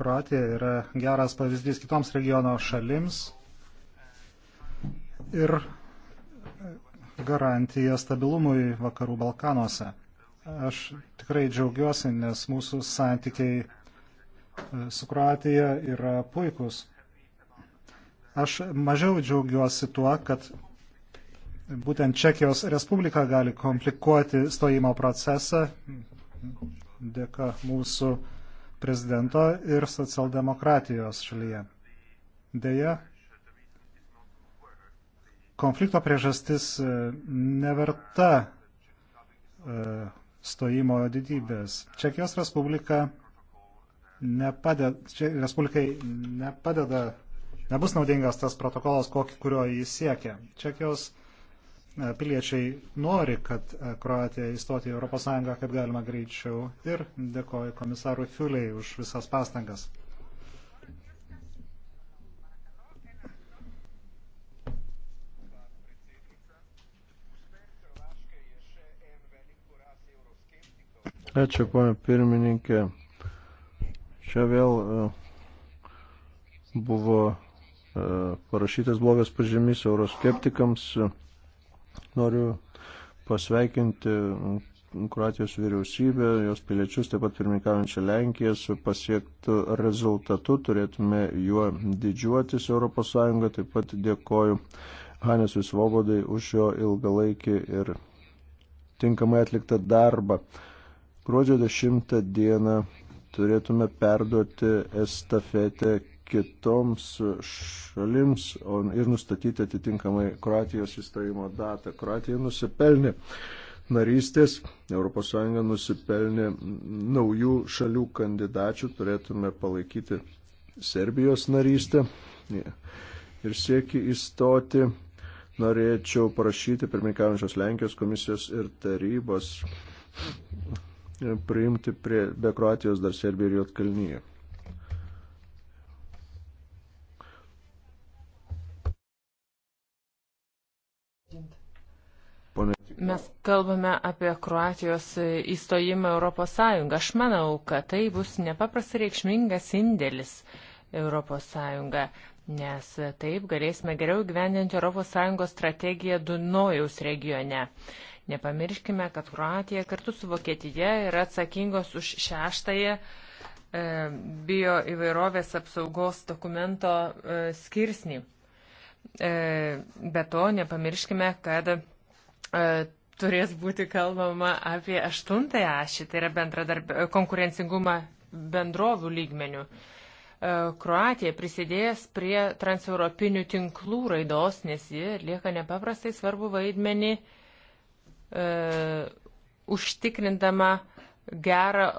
Kroatija yra geras pavyzdys kitoms regiono šalims ir garantija stabilumui vakarų Balkanuose. Aš tikrai džiaugiuosi, nes mūsų santykiai e, su Kroatija yra puikus. Aš mažiau džiaugiuosi tuo, kad būtent Čekijos Respublika gali komplikuoti stojimo procesą dėka mūsų prezidento ir socialdemokratijos šalyje. Deja, konflikto priežastis e, neverta e, stojimo didybės. Čekijos Respublika nepadeda, čia Respublikai nepadeda, nebus naudingas tas protokolas, kokį, kurio jis siekia. Čekijos e, piliečiai nori, kad Kroatija įstoti į ES kaip galima greičiau ir dėkoju komisarui Fiuliai už visas pastangas. Ačiū, ponia pirmininkė. Čia vėl e, buvo e, parašytas blogas pažymys euroskeptikams. Noriu pasveikinti Kroatijos vyriausybę, jos piliečius, taip pat pirmininkaujančią Lenkiją su pasiektų rezultatu. Turėtume juo didžiuotis ES. Taip pat dėkoju Hanesui Svobodai už jo ilgalaikį ir tinkamai atliktą darbą. Gruodžio 10 dieną turėtume perduoti estafetę kitoms šalims ir nustatyti atitinkamai Kroatijos įstojimo datą. Kroatija nusipelnė narystės, ES nusipelnė naujų šalių kandidačių, turėtume palaikyti Serbijos narystę ir sieki įstoti. Norėčiau prašyti pirmininkaujančios Lenkijos komisijos ir tarybos priimti prie, be Kroatijos dar Serbiją ir Jotkalnyje. Pone. Mes kalbame apie Kroatijos įstojimą Europos Sąjungą. Aš manau, kad tai bus nepaprastai reikšmingas indėlis Europos Sąjungą, nes taip galėsime geriau gyvendinti Europos Sąjungos strategiją Dunojaus regione. Uh, Nepamirškime, kad Kroatija kartu su Vokietija yra atsakingos už šeštąją e, bio įvairovės apsaugos dokumento e, skirsnį. E, be to, nepamirškime, kad turės būti kalbama apie aštuntąją ašį, tai yra konkurencingumą bendrovių lygmenių. Kroatija prisidės prie transeuropinių tinklų raidos, nes ji lieka nepaprastai svarbu vaidmenį uh, e, užtikrindama gerą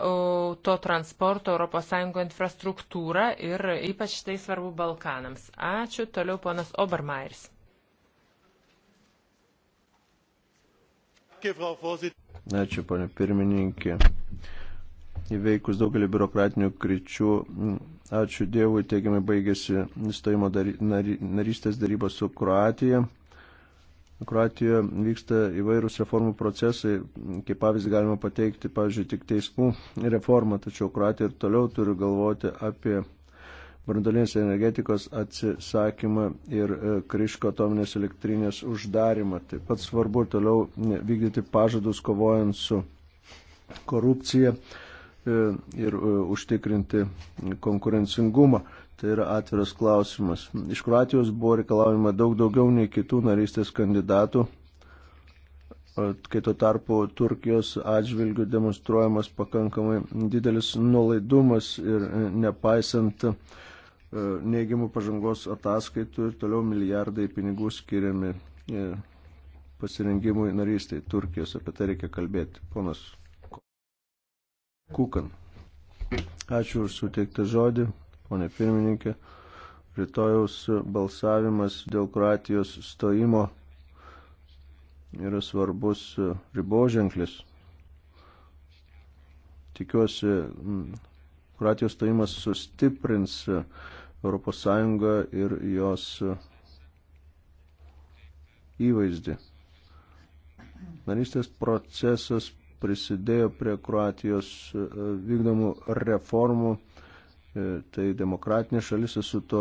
to transporto ES infrastruktūrą ir ypač tai svarbu Balkanams. Ačiū. Toliau ponas Obermairis. Ačiū, ponė pirmininkė. Įveikus daugelį biurokratinių kryčių, ačiū Dievui, teigiamai baigėsi įstojimo dar, nar, narystės darybos su Kroatija. Kroatijoje vyksta įvairūs reformų procesai, kaip pavyzdį galima pateikti, pavyzdžiui, tik teismų reformą, tačiau Kroatija ir toliau turi galvoti apie brandolinės energetikos atsisakymą ir e, Kriško atominės elektrinės uždarimą. Taip pat svarbu toliau vykdyti pažadus kovojant su korupcija e, ir e, užtikrinti konkurencingumą. Tai yra atviras klausimas. Iš Kroatijos buvo reikalaujama daug daugiau nei kitų narystės kandidatų, kai tuo tarpu Turkijos atžvilgių demonstruojamas pakankamai didelis nulaidumas ir nepaisant e, neigiamų pažangos ataskaitų ir toliau milijardai pinigų skiriami e, pasirengimui narystai Turkijos. Apie tai reikia kalbėti. Ponas Kukan. Ačiū už suteiktą žodį ponė pirmininkė. Rytojaus balsavimas dėl Kroatijos stojimo yra svarbus riboženklis. Tikiuosi, Kroatijos stojimas sustiprins ES ir jos įvaizdį. Narystės procesas prisidėjo prie Kroatijos e, vykdomų reformų E, tai demokratinė šalis, esu to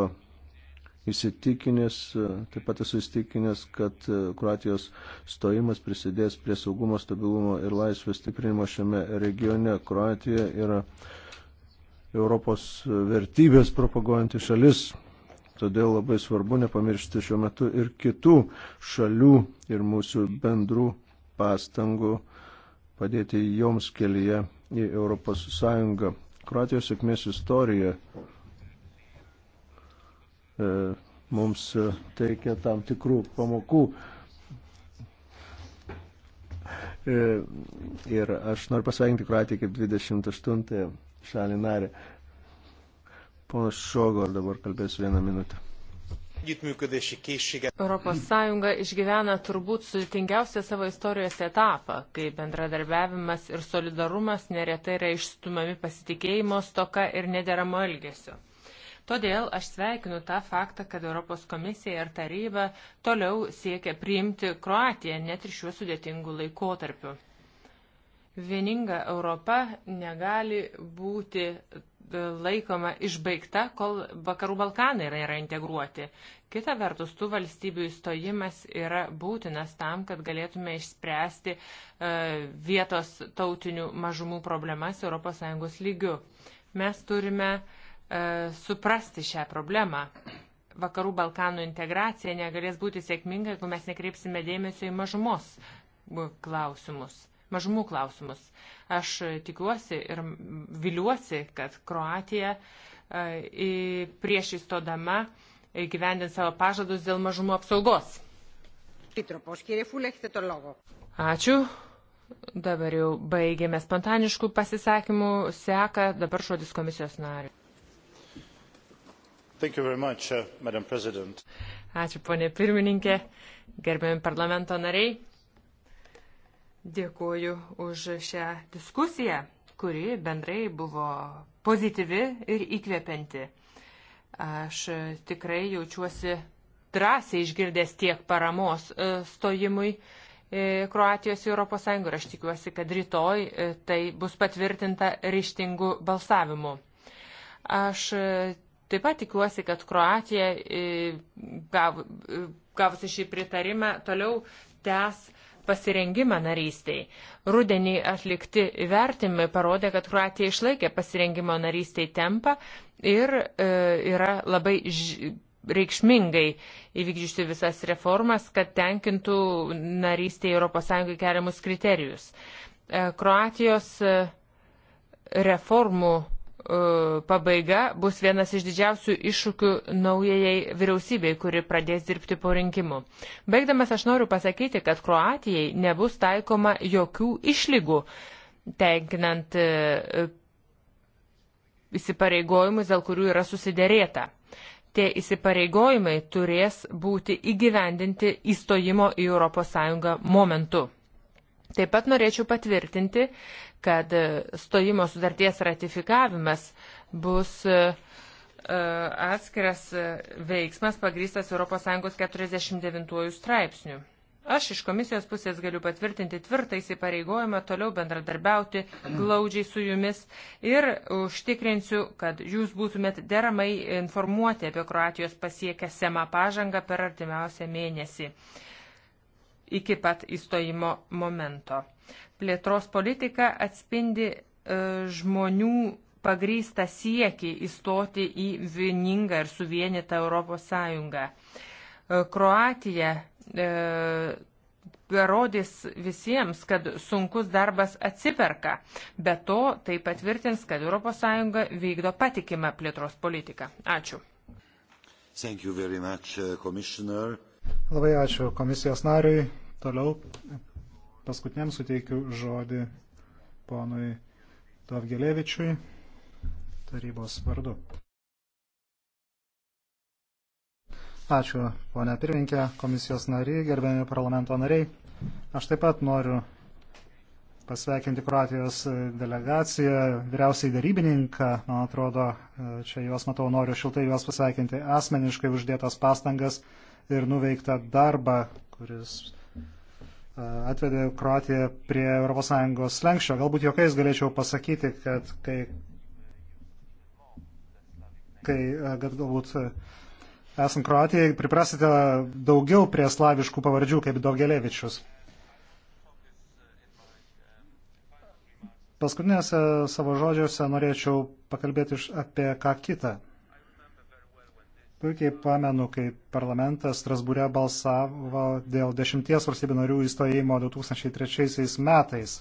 įsitikinęs, e, taip pat esu įsitikinęs, kad e, Kroatijos stojimas prisidės prie saugumo, stabilumo ir laisvės stiprinimo šiame regione. Kroatija yra Europos vertybės propaguojanti šalis, todėl labai svarbu nepamiršti šiuo metu ir kitų šalių ir mūsų bendrų pastangų padėti joms kelyje į Europos Sąjungą. Kroatijos sėkmės istorija e, mums e, teikia tam tikrų pamokų. E, ir aš noriu pasveikinti Kroatiją kaip 28 šalį narę. Ponas Šogor dabar kalbės vieną minutę. Europos Sąjunga išgyvena turbūt sudėtingiausią savo istorijos etapą, kai bendradarbiavimas ir solidarumas neretai yra išstumami pasitikėjimo stoka ir nederamo elgesio. Todėl aš sveikinu tą faktą, kad Europos komisija ir taryba toliau siekia priimti Kroatiją net ir šiuo sudėtingu laikotarpiu. Vieninga Europa negali būti laikoma išbaigta, kol Vakarų Balkanai yra, yra integruoti. Kita vertus, tų valstybių įstojimas yra būtinas tam, kad galėtume išspręsti e, vietos tautinių mažumų problemas ES lygių. Mes turime e, suprasti šią problemą. Vakarų Balkanų integracija negalės būti sėkminga, jeigu mes nekreipsime dėmesio į mažumos klausimus mažumų klausimus. Aš tikiuosi ir viliuosi, kad Kroatija e, prieš įstodama gyvendint savo pažadus dėl mažumų apsaugos. Ačiū. Dabar jau baigėme spontaniškų pasisakymų seka. Dabar žodis komisijos nariu. Much, uh, Ačiū, ponė pirmininkė, gerbėjami parlamento nariai. Dėkuoju už šią diskusiją, kuri bendrai buvo pozityvi ir įkvepianti. Aš tikrai jaučiuosi drąsiai išgirdęs tiek paramos e, stojimui e, Kroatijos į ES ir aš tikiuosi, kad rytoj e, tai bus patvirtinta ryštingu balsavimu. Aš taip pat tikiuosi, kad Kroatija gav, gavusi šį pritarimą toliau tęs pasirengimą narystiai. Rudenį atlikti vertimai parodė, kad Kroatija išlaikė pasirengimo narystiai tempą ir e, yra labai ž... reikšmingai įvykdžiusi visas reformas, kad tenkintų narystiai ES keliamus kriterijus. E, Kroatijos e, reformų E, pabaiga bus vienas iš didžiausių iššūkių naujajai vyriausybei, kuri pradės dirbti po rinkimų. Baigdamas aš noriu pasakyti, kad Kroatijai nebus taikoma jokių išlygų, tenkinant e, e, įsipareigojimus, dėl kurių yra susiderėta. Tie įsipareigojimai turės būti įgyvendinti įstojimo į ES momentu. Taip pat norėčiau patvirtinti, kad e, stojimo sudarties ratifikavimas bus e, e, atskiras veiksmas pagrystas ES 49 straipsnių. Aš iš komisijos pusės galiu patvirtinti tvirtą įsipareigojimą toliau bendradarbiauti glaudžiai su jumis ir užtikrinsiu, kad jūs būtumėt deramai informuoti apie Kroatijos pasiekę semą pažangą per artimiausią mėnesį. Uh, iki pat įstojimo momento. Plėtros politika atspindi e, žmonių pagrįstą siekį įstoti į vieningą ir suvienytą Europos Sąjungą. E, Kroatija e, parodys visiems, kad sunkus darbas atsiperka. Be to, tai patvirtins, kad ES vykdo patikimą plėtros politiką. Ačiū. Much, uh, Labai ačiū komisijos nariui. Toliau paskutiniam suteikiu žodį ponui Dovgelevičiui tarybos vardu. Ačiū, ponė pirminkė, komisijos nariai, gerbėmi parlamento nariai. Aš taip pat noriu pasveikinti Kroatijos delegaciją, vyriausiai darybininką, man atrodo, čia juos matau, noriu šiltai juos pasveikinti asmeniškai uždėtas pastangas ir nuveiktą darbą, kuris atvedė Kroatiją prie ES lenkščio. Galbūt jokiais galėčiau pasakyti, kad kai, kai kad galbūt esant Kroatijai priprasite daugiau prie slaviškų pavardžių kaip Daugelevičius. Paskutinėse savo žodžiuose norėčiau pakalbėti apie ką kitą. Puikiai pamenu, kai parlamentas Strasbūre balsavo dėl dešimties valstybių narių įstojimo 2003 metais.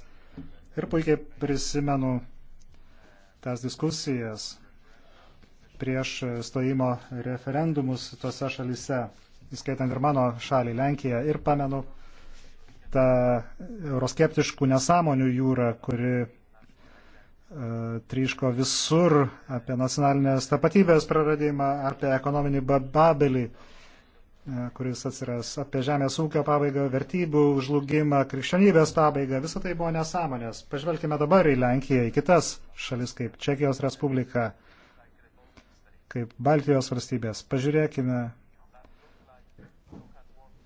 Ir puikiai prisimenu tas diskusijas prieš stojimo referendumus tose šalise, įskaitant ir mano šalį Lenkiją. Ir pamenu tą euroskeptiškų nesąmonių jūrą, kuri tryško visur apie nacionalinės tapatybės praradimą, apie ekonominį babelį, e, kuris atsiras, apie žemės ūkio pabaigą, vertybių žlugimą, krikščionybės pabaigą. Visą tai buvo nesąmonės. Pažvelkime dabar į Lenkiją, į kitas šalis kaip Čekijos Respublika, kaip Baltijos valstybės. Pažiūrėkime,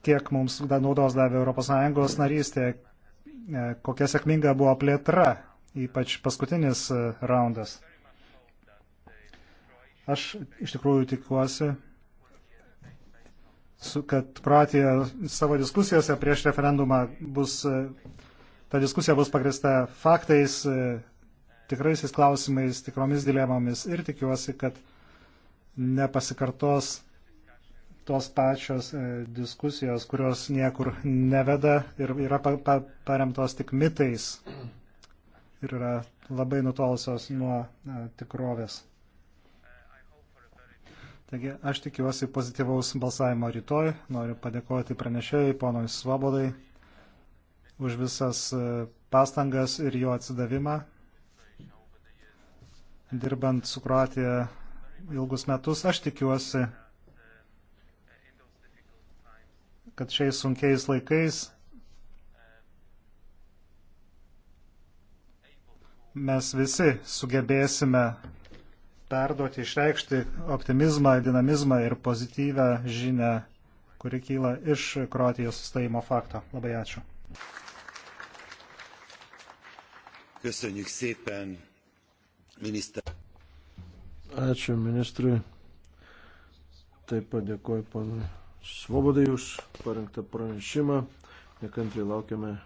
kiek mums naudos davė ES narystė, e, kokia sėkminga buvo plėtra ypač paskutinis e, raundas. Aš iš tikrųjų tikiuosi, kad Kroatija savo diskusijose prieš referendumą bus, e, ta diskusija bus pagrista faktais, e, tikraisiais klausimais, tikromis dilemomis ir tikiuosi, kad nepasikartos tos pačios diskusijos, kurios niekur neveda ir yra pa pa paremtos tik mitais ir yra labai nutolusios nuo e, tikrovės. Taigi aš tikiuosi pozityvaus balsavimo rytoj. Noriu padėkoti pranešėjai, ponoj Svabodai, už visas e, pastangas ir jo atsidavimą. Dirbant su Kroatija ilgus metus, aš tikiuosi, kad šiais sunkiais laikais mes visi sugebėsime perduoti, išreikšti optimizmą, dinamizmą ir pozityvę žinę, kuri kyla iš Kroatijos sustojimo fakto. Labai ačiū. Köszönjük szépen, miniszter. Ačiū ministrui. Taip pat dėkoju panui Svobodai už parengtą pranešimą. Nekantriai laukiame